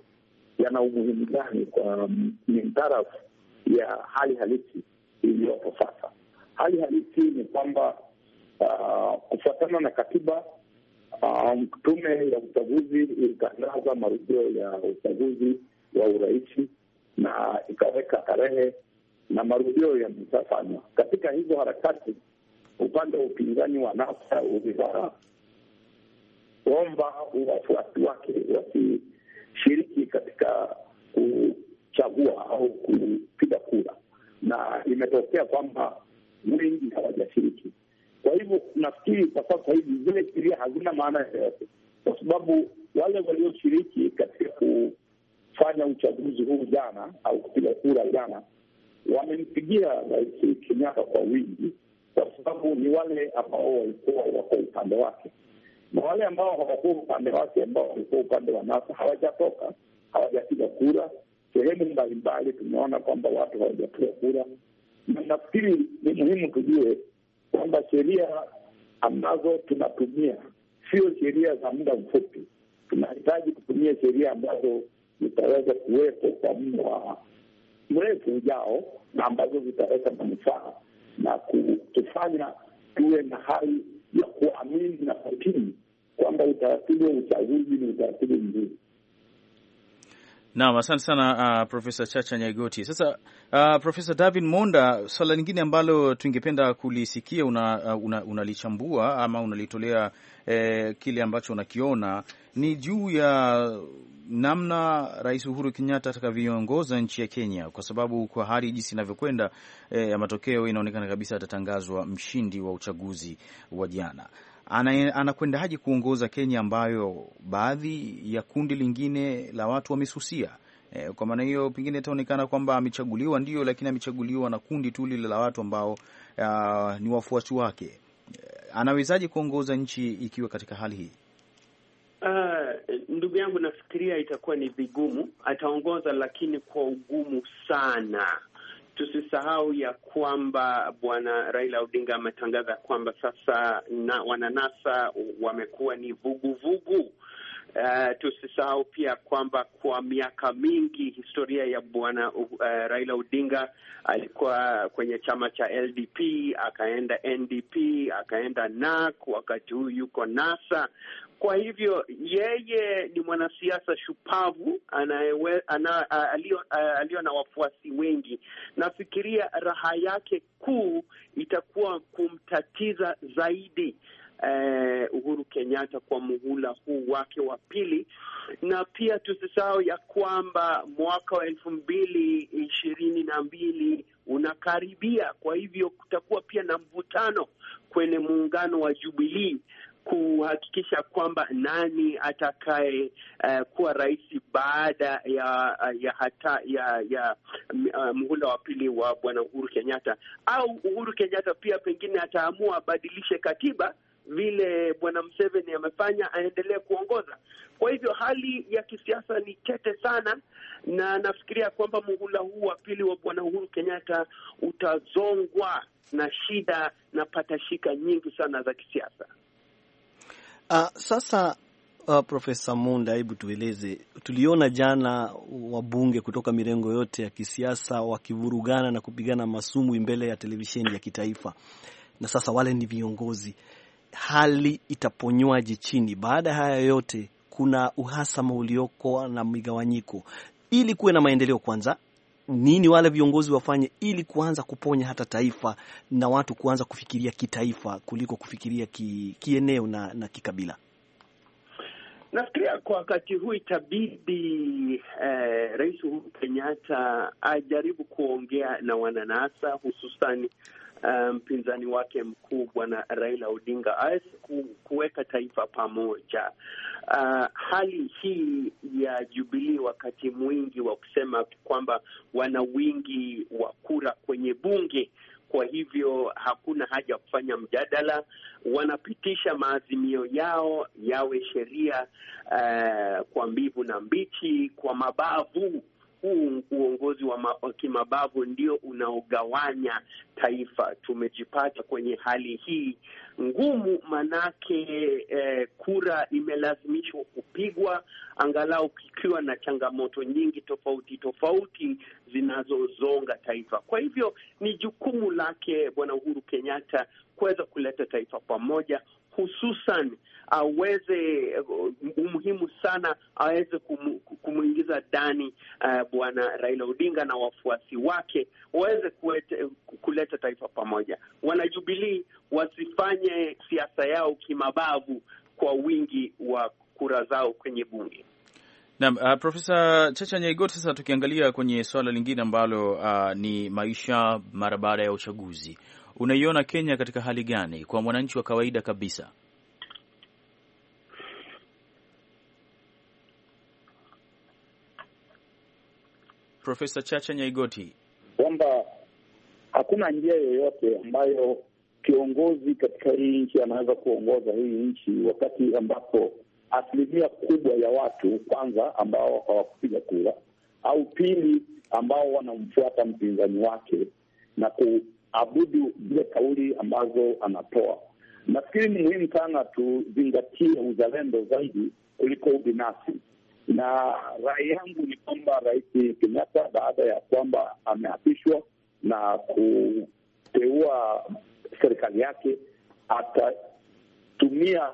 yana umuhimu gani kwa mintarafu ya hali halisi iliyopo sasa? Hali halisi ni kwamba uh, kufuatana na katiba tume ya uchaguzi ilitangaza marudio ya uchaguzi wa urahisi na ikaweka tarehe na marudio yameshafanywa. Katika hizo harakati, upande wa upinzani wa NASA uliwaomba wafuasi wake wasishiriki katika kuchagua au kupiga kura, na imetokea kwamba wengi hawajashiriki. Kwa hivyo nafikiri kwa sasa hivi zile sheria hazina maana yoyote, kwa sababu wale walioshiriki katika kufanya uchaguzi huu jana au kupiga kura jana wamempigia Rais Kenyatta kwa wingi, kwa sababu ni wale ambao walikuwa wako upande wake, na wale ambao hawakuwa upande wake, ambao walikuwa upande wa NASA hawajatoka, hawajapiga kura. Sehemu mbalimbali tumeona kwamba watu hawajapiga kura, na nafikiri ni muhimu tujue kwamba sheria ambazo tunatumia sio sheria za muda mfupi. Tunahitaji kutumia sheria ambazo zitaweza kuwepo kwa muda mrefu ujao, na ambazo zitaleta manufaa na kutufanya tuwe na hali ya kuamini na kutini kwamba utaratibu wa uchaguzi ni utaratibu mzuri. Naam, asante sana uh, Profesa Chacha Nyaigoti. Sasa uh, Profesa David Monda, swala lingine ambalo tungependa kulisikia uh, unalichambua, una, una ama unalitolea eh, kile ambacho unakiona ni juu ya namna Rais Uhuru Kenyatta atakavyoongoza nchi ya Kenya, kwa sababu kwa hali jinsi inavyokwenda eh, ya eh, matokeo inaonekana kabisa atatangazwa mshindi wa uchaguzi wa jana anakwendaje kuongoza Kenya ambayo baadhi ya kundi lingine la watu wamesusia? E, kwa maana hiyo pengine itaonekana kwamba amechaguliwa ndio, lakini amechaguliwa na kundi tu lile la watu ambao uh, ni wafuasi wake. Eh, anawezaje kuongoza nchi ikiwa katika hali hii? Uh, ndugu yangu, nafikiria itakuwa ni vigumu. Ataongoza lakini kwa ugumu sana Tusisahau ya kwamba bwana Raila Odinga ametangaza kwamba sasa na wananasa wamekuwa ni vuguvugu vugu. Uh, eh, tusisahau pia kwamba kwa miaka mingi historia ya bwana uh, Raila Odinga alikuwa kwenye chama cha LDP, akaenda NDP, akaenda NAK, wakati huu yuko NASA. Kwa hivyo yeye ni mwanasiasa shupavu aliyo alio, na wafuasi wengi. Nafikiria raha yake kuu itakuwa kumtatiza zaidi eh, Uhuru Kenyatta kwa muhula huu wake wa pili, na pia tusisahau ya kwamba mwaka wa elfu mbili ishirini na mbili unakaribia. Kwa hivyo kutakuwa pia na mvutano kwenye muungano wa jubilii kuhakikisha kwamba nani atakaye uh, kuwa rais baada ya ya hata ya, ya uh, muhula wa pili wa bwana Uhuru Kenyatta, au Uhuru Kenyatta pia pengine ataamua abadilishe katiba vile bwana mseveni amefanya, aendelee kuongoza. Kwa hivyo hali ya kisiasa ni tete sana, na nafikiria kwamba muhula huu wa pili wa bwana Uhuru Kenyatta utazongwa na shida na patashika nyingi sana za kisiasa. Uh, sasa uh, ah, Profesa Munda, hebu tueleze, tuliona jana wabunge kutoka mirengo yote ya kisiasa wakivurugana na kupigana masumu mbele ya televisheni ya kitaifa, na sasa wale ni viongozi. Hali itaponywaje chini baada ya haya yote? Kuna uhasama ulioko na migawanyiko. Ili kuwe na maendeleo, kwanza nini wale viongozi wafanye ili kuanza kuponya hata taifa na watu kuanza kufikiria kitaifa kuliko kufikiria ki, kieneo na, na kikabila. Nafikiria kwa wakati huu itabidi eh, Rais Uhuru Kenyatta ajaribu kuongea na wananasa hususani Eh, mpinzani um, wake mkuu Bwana Raila Odinga aweze kuweka taifa pamoja. Uh, hali hii ya Jubilii wakati mwingi wa kusema kwamba wana wingi wa kura kwenye bunge kwa hivyo hakuna haja ya kufanya mjadala, wanapitisha maazimio yao yawe sheria uh, kwa mbivu na mbichi, kwa mabavu huu uongozi wa, kimabavu ndio unaogawanya taifa. Tumejipata kwenye hali hii ngumu, manake eh, kura imelazimishwa kupigwa, angalau kikiwa na changamoto nyingi tofauti tofauti zinazozonga taifa. Kwa hivyo ni jukumu lake Bwana Uhuru Kenyatta kuweza kuleta taifa pamoja hususan aweze eh, umuhimu sana aweze kumwingiza ndani uh, Bwana Raila Odinga na wafuasi wake waweze kuleta taifa pamoja. Wanajubilii wasifanye siasa yao kimabavu kwa wingi wa kura zao kwenye bunge. Naam, uh, Profesa Chacha Nyaigot, sasa tukiangalia kwenye suala lingine ambalo uh, ni maisha mara baada ya uchaguzi unaiona Kenya katika hali gani kwa mwananchi wa kawaida kabisa? Profesa Chacha Nyaigoti, kwamba hakuna njia yoyote ambayo kiongozi katika hii nchi anaweza kuongoza hii nchi wakati ambapo asilimia kubwa ya watu kwanza, ambao hawakupiga kura, au pili, ambao wanamfuata mpinzani wake na ku abudu zile kauli ambazo anatoa. Nafikiri ni muhimu sana tuzingatie uzalendo zaidi kuliko ubinafsi, na rai yangu ni kwamba Rais Kenyatta baada ya kwamba ameapishwa na kuteua serikali yake atatumia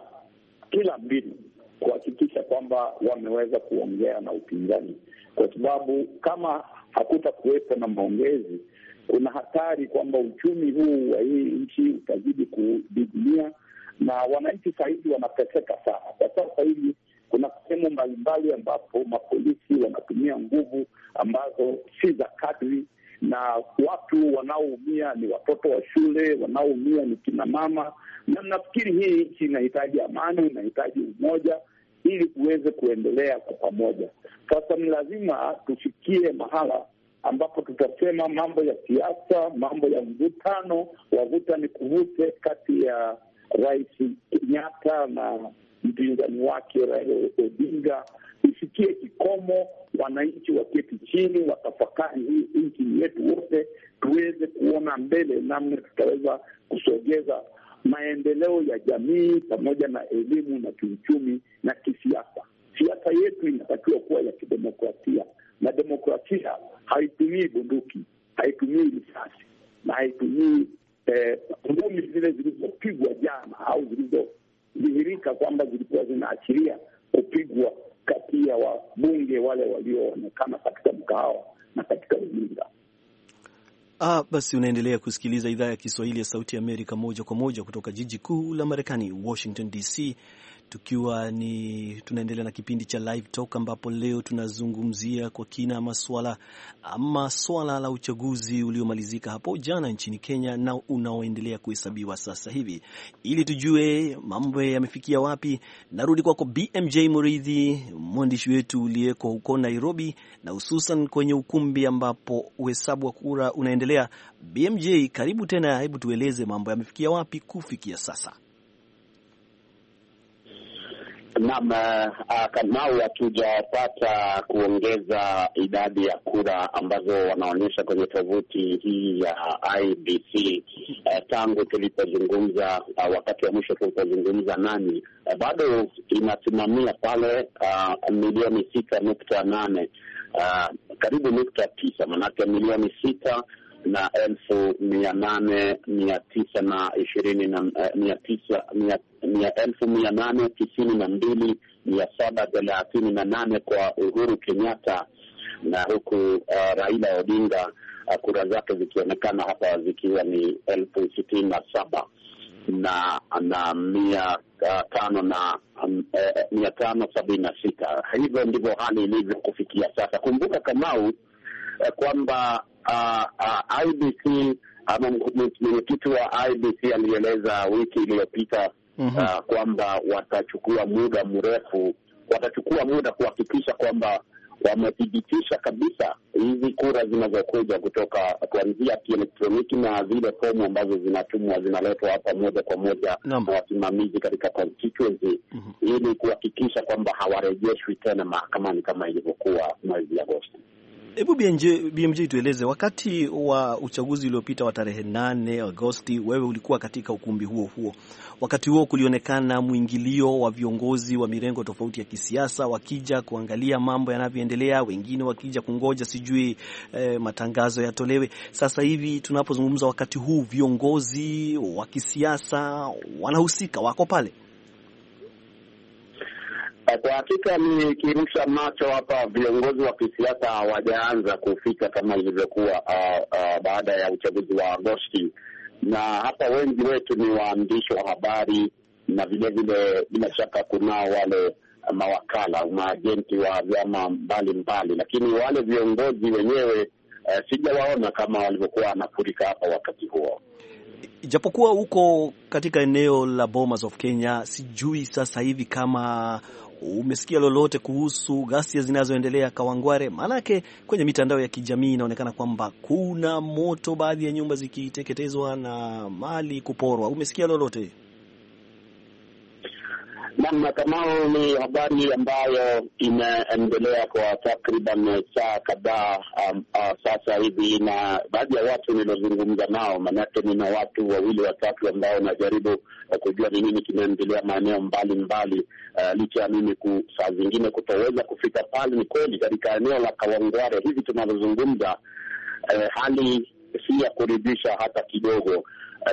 kila mbinu kuhakikisha kwamba wameweza kuongea na upinzani, kwa sababu kama hakutakuwepo na maongezi kuna hatari kwamba uchumi huu wa hii nchi utazidi kudidimia, na wananchi sahizi wanateseka sana. Kwa sasa hivi kuna sehemu mbalimbali ambapo mapolisi wanatumia nguvu ambazo si za kadri, na watu wanaoumia ni watoto wa shule, wanaoumia ni kina mama, na nafikiri hii nchi inahitaji amani, inahitaji umoja ili uweze kuendelea kwa pamoja. Sasa ni lazima tufikie mahala ambapo tutasema mambo ya siasa, mambo ya mvutano, wavuta ni kuvute kati ya Rais Kenyatta na mpinzani wake Raila Odinga ifikie kikomo, wananchi waketi chini, watafakari hii nchi yetu wote, tuweze kuona mbele, namna tutaweza kusogeza maendeleo ya jamii pamoja na elimu na kiuchumi na kisiasa. Siasa yetu inatakiwa kuwa ya kidemokrasia na demokrasia haitumii bunduki, haitumii risasi na haitumii ngumi eh, zile zilizopigwa jana au zilizodhihirika kwamba zilikuwa zinaashiria kupigwa kati ya wabunge wale walioonekana katika mkahawa na katika ujinga. Ah, basi unaendelea kusikiliza idhaa ya Kiswahili ya Sauti ya Amerika moja kwa moja kutoka jiji kuu la Marekani, Washington DC, tukiwa ni tunaendelea na kipindi cha Live Talk ambapo leo tunazungumzia kwa kina maswala ama swala la uchaguzi uliomalizika hapo jana nchini Kenya na unaoendelea kuhesabiwa sasa hivi. Ili tujue mambo yamefikia wapi, narudi kwako BMJ Muridhi, mwandishi wetu uliyeko huko Nairobi na hususan kwenye ukumbi ambapo uhesabu wa kura unaendelea. BMJ, karibu tena, hebu tueleze mambo yamefikia wapi kufikia sasa? Naam, eh, eh, kamau hatujapata kuongeza idadi ya kura ambazo wanaonyesha kwenye tovuti hii ya IBC eh, tangu tulipozungumza uh, wakati wa mwisho tulipozungumza nani, eh, bado inasimamia pale uh, milioni sita nukta nane uh, karibu nukta tisa manake milioni sita na elfu mia nane mia tisa na ishirini na eh, mia tisa mia elfu mia nane tisini na mbili mia saba thelathini na nane kwa Uhuru Kenyatta na huku uh, Raila Odinga uh, kura zake zikionekana hapa zikiwa ni elfu sitini na saba na na mia uh, tano na um, mia tano sabini na sita. Hivyo ndivyo hali ilivyo kufikia sasa. Kumbuka Kamau, eh, kwamba Uh, uh, IBC ama mwenyekiti wa IBC alieleza wiki iliyopita mm -hmm. uh, kwamba watachukua muda mrefu, watachukua muda kuhakikisha kwamba wamethibitisha kabisa hizi kura zinazokuja kutoka kuanzia kielektroniki na zile fomu ambazo zinatumwa zinaletwa hapa moja kwa moja na wasimamizi katika constituency mm -hmm. ili kuhakikisha kwamba hawarejeshwi tena mahakamani kama ilivyokuwa mwezi Agosti. Hebu BMJ tueleze, wakati wa uchaguzi uliopita wa tarehe 8 Agosti, wewe ulikuwa katika ukumbi huo huo. Wakati huo kulionekana mwingilio wa viongozi wa mirengo tofauti ya kisiasa wakija kuangalia mambo yanavyoendelea, wengine wakija kungoja sijui eh, matangazo yatolewe. Sasa hivi tunapozungumza, wakati huu viongozi wa kisiasa wanahusika, wako pale Eh, kwa hakika nikirusha macho hapa, viongozi wa kisiasa hawajaanza kufika kama ilivyokuwa uh, uh, baada ya uchaguzi wa Agosti, na hapa wengi wetu ni waandishi wa habari na vilevile, bila shaka kunao wale mawakala maajenti wa vyama mbalimbali, lakini wale viongozi wenyewe uh, sijawaona kama walivyokuwa wanafurika hapa wakati huo. Ijapokuwa huko katika eneo la Bomas of Kenya, sijui sasa hivi kama Umesikia lolote kuhusu ghasia zinazoendelea Kawangware? Maanake kwenye mitandao ya kijamii inaonekana kwamba kuna moto, baadhi ya nyumba zikiteketezwa na mali kuporwa. Umesikia lolote? Namna kamau ni habari ambayo imeendelea kwa takriban saa kadhaa um, uh, sasa hivi, na baadhi ya watu niliozungumza nao, maanake nina watu wawili watatu ambao najaribu uh, kujua ni nini kimeendelea maeneo mbalimbali, uh, licha ya mimi saa zingine kutoweza kufika pale. Ni kweli katika eneo la Kawangware hivi tunavyozungumza, uh, hali si ya kuridhisha hata kidogo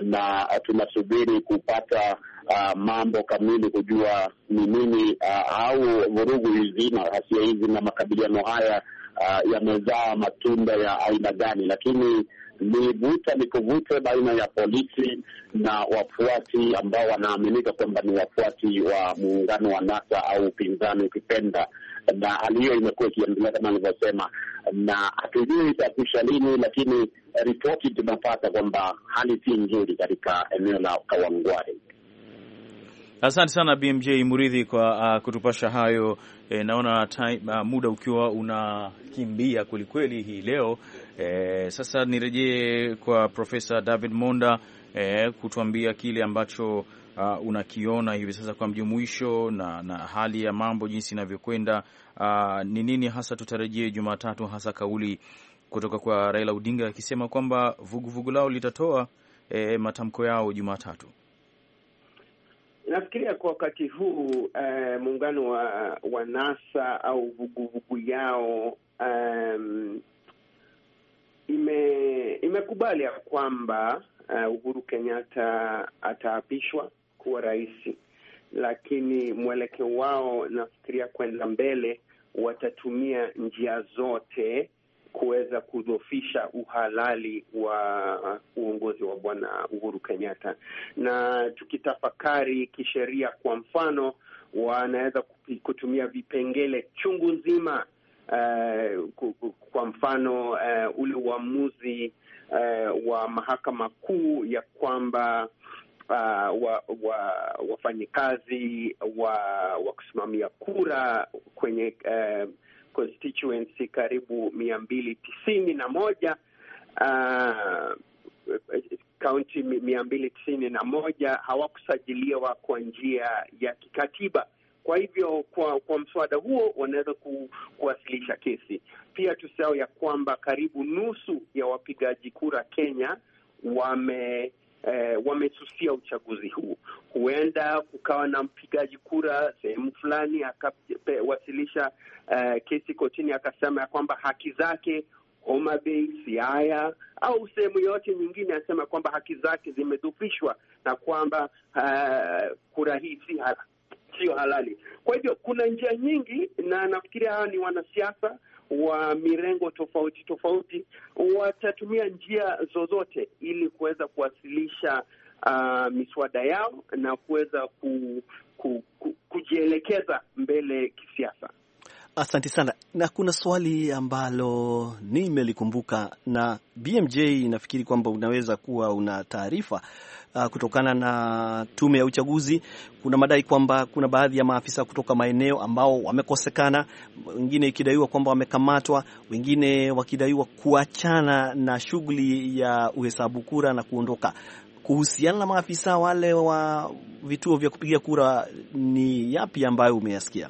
na tunasubiri kupata uh, mambo kamili kujua ni nini uh, au vurugu hizi na ghasia hizi na makabiliano haya uh, yamezaa matunda ya aina gani, lakini ni vuta ni kuvute baina ya polisi na wafuasi ambao wanaaminika kwamba ni wafuasi wa muungano wa NASA au upinzani ukipenda na hali hiyo imekuwa ikiendelea kama nilivyosema, na hatujui itakwisha lini, lakini ripoti tunapata kwamba hali si nzuri katika eneo la Kawangware. Asante sana BMJ Muridhi kwa uh, kutupasha hayo. E, naona time, uh, muda ukiwa unakimbia kwelikweli hii leo. E, sasa nirejee kwa Profesa David Monda e, kutuambia kile ambacho uh, unakiona hivi sasa kwa mjumuisho na, na hali ya mambo jinsi inavyokwenda, uh, ni uh, nini hasa tutarajie Jumatatu, hasa kauli kutoka kwa Raila Odinga akisema kwamba vuguvugu lao litatoa eh, matamko yao Jumatatu. Nafikiria kwa wakati huu eh, muungano wa, wa NASA au vuguvugu yao um, ime- imekubali ya kwamba uh, Uhuru Kenyatta ataapishwa kuwa rais, lakini mwelekeo wao nafikiria kwenda mbele, watatumia njia zote kuweza kudhofisha uhalali wa uongozi wa Bwana Uhuru Kenyatta. Na tukitafakari kisheria, kwa mfano, wanaweza kutumia vipengele chungu nzima. Uh, kwa mfano uh, ule uamuzi uh, wa mahakama kuu ya kwamba uh, wa, wa wafanyikazi wa, wa kusimamia kura kwenye uh, constituency karibu mia mbili tisini na moja kaunti uh, mia mbili tisini na moja hawakusajiliwa kwa njia ya kikatiba. Kwa hivyo kwa, kwa mswada huo wanaweza ku, kuwasilisha kesi. Pia tusahau ya kwamba karibu nusu ya wapigaji kura Kenya wame eh, wamesusia uchaguzi huu. Huenda kukawa na mpigaji kura sehemu fulani akawasilisha eh, kesi kotini akasema ya kwamba haki zake Homa Bay, Siaya au sehemu yoyote nyingine, asema kwamba haki zake zimedhufishwa na kwamba uh, kura hii si hala, sio halali. Kwa hivyo kuna njia nyingi, na nafikiri hawa ni wanasiasa wa mirengo tofauti tofauti watatumia njia zozote ili kuweza kuwasilisha uh, miswada yao na kuweza ku, ku, ku, kujielekeza mbele kisiasa. Asante sana, na kuna swali ambalo nimelikumbuka na BMJ, nafikiri kwamba unaweza kuwa una taarifa uh, kutokana na tume ya uchaguzi. Kuna madai kwamba kuna baadhi ya maafisa kutoka maeneo ambao wamekosekana, wengine ikidaiwa kwamba wamekamatwa, wengine wakidaiwa kuachana na shughuli ya uhesabu kura na kuondoka. Kuhusiana na maafisa wale wa vituo vya kupiga kura, ni yapi ambayo umeyasikia?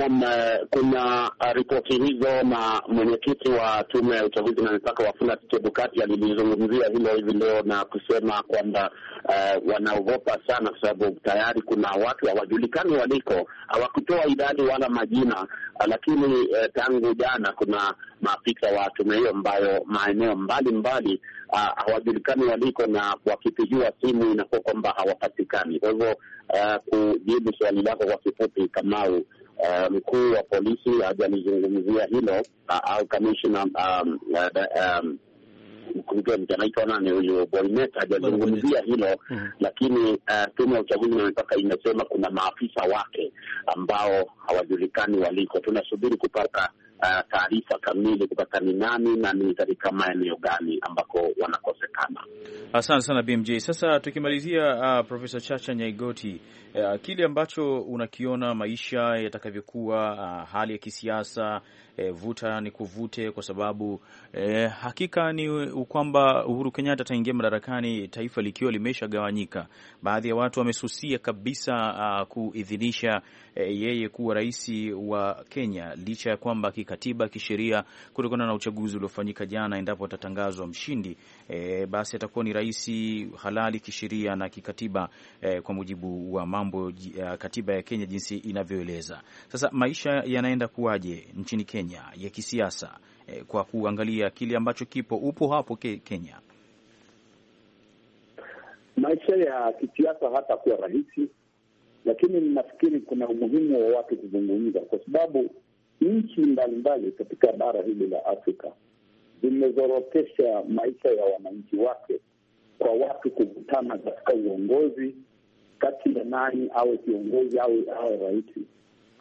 Naam, eh, kuna eh, ripoti hizo na mwenyekiti wa tume ya uchaguzi na mipaka Wafula Chebukati alilizungumzia hilo hivi leo na kusema kwamba uh, wanaogopa sana kwa sababu tayari kuna watu hawajulikani waliko, hawakutoa idadi wala majina, lakini uh, tangu jana kuna maafisa wa tume hiyo ambayo maeneo mbalimbali hawajulikani uh, waliko, na wakipigiwa simu inakuwa kwamba hawapatikani. Kwa hivyo uh, kujibu swali lako kwa kifupi, Kamau uh, mkuu wa polisi hajalizungumzia hilo au kamishna um, eh, um, mkurugenzi anaitwa nani huyu hajazungumzia hilo mm. Lakini uh, tume ya uchaguzi na mipaka imesema kuna maafisa wake ambao hawajulikani waliko. Tunasubiri kupata uh, taarifa kamili kutoka ni nani na ni katika maeneo gani ambako wanakosekana. Asante sana BMJ. Sasa tukimalizia, uh, Profesa Chacha Nyaigoti, uh, kile ambacho unakiona maisha yatakavyokuwa, uh, hali ya kisiasa uh, vuta ni kuvute, kwa sababu uh, hakika ni kwamba Uhuru Kenyatta ataingia madarakani taifa likiwa limeshagawanyika, baadhi ya watu wamesusia kabisa uh, kuidhinisha Eh, yeye kuwa rais wa Kenya licha ya kwamba kikatiba, kisheria, kutokana na uchaguzi uliofanyika jana, endapo atatangazwa mshindi e, basi atakuwa ni rais halali kisheria na kikatiba e, kwa mujibu wa mambo ya katiba ya Kenya jinsi inavyoeleza. Sasa maisha yanaenda kuwaje nchini Kenya ya kisiasa e, kwa kuangalia kile ambacho kipo, upo hapo ke, Kenya maisha ya kisiasa hata kuwa rahisi lakini ninafikiri kuna umuhimu wa watu kuzungumza, kwa sababu nchi mbalimbali katika bara hili la Afrika zimezorotesha maisha ya wananchi wake kwa watu kukutana katika uongozi, kati ya nani awe kiongozi au awe rais.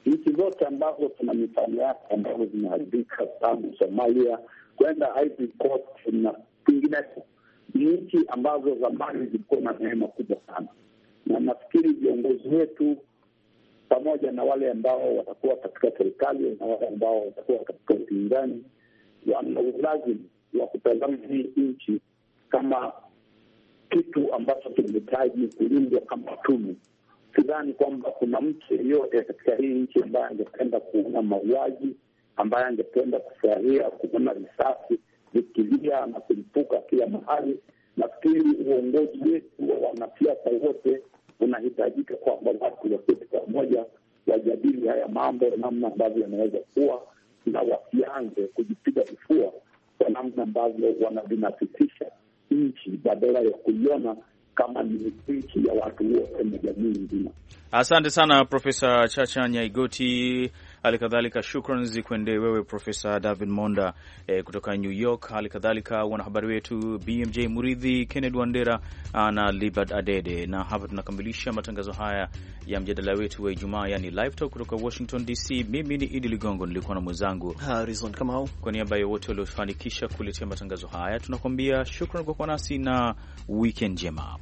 Nchi zote ambazo tuna mifano yake ambazo zimeharibika tangu Somalia kwenda Ivory Coast na kwingineko, ni nchi ambazo zamani zilikuwa na neema kubwa sana na nafikiri viongozi wetu pamoja na wale ambao watakuwa katika serikali na wale ambao watakuwa katika upinzani wana ulazimu wa kutazama hii nchi kama kitu ambacho kinahitaji kulindwa kama tunu. Sidhani kwamba kuna mtu yeyote katika hii nchi ambaye angependa kuona mauaji, ambaye angependa kufurahia kuona risasi vikilia na kulipuka kila mahali Nafikiri uongozi wetu wa wanasiasa wote unahitajika kwamba watu waketi pamoja, wajadili haya mambo, namna ambavyo yanaweza kuwa na wasianze kujipiga vifua kwa namna ambavyo wanabinafsisha nchi badala ya kuiona kama ni nchi ya watu wote na jamii nzima. Asante sana Profesa Chacha Nyaigoti. Hali kadhalika shukran zikwende wewe Profesa David Monda eh, kutoka New York. Hali kadhalika wanahabari wetu BMJ Muridhi, kenned Wandera ah, na Libert Adede. Na hapa tunakamilisha matangazo haya ya mjadala wetu wa Ijumaa, yani live talk kutoka Washington DC. Mimi ni Idi Ligongo, nilikuwa na mwenzangu Harrison Kamau. Kwa niaba ya wote waliofanikisha kuletea matangazo haya, tunakuambia shukran kwa kuwa nasi na wikendi njema.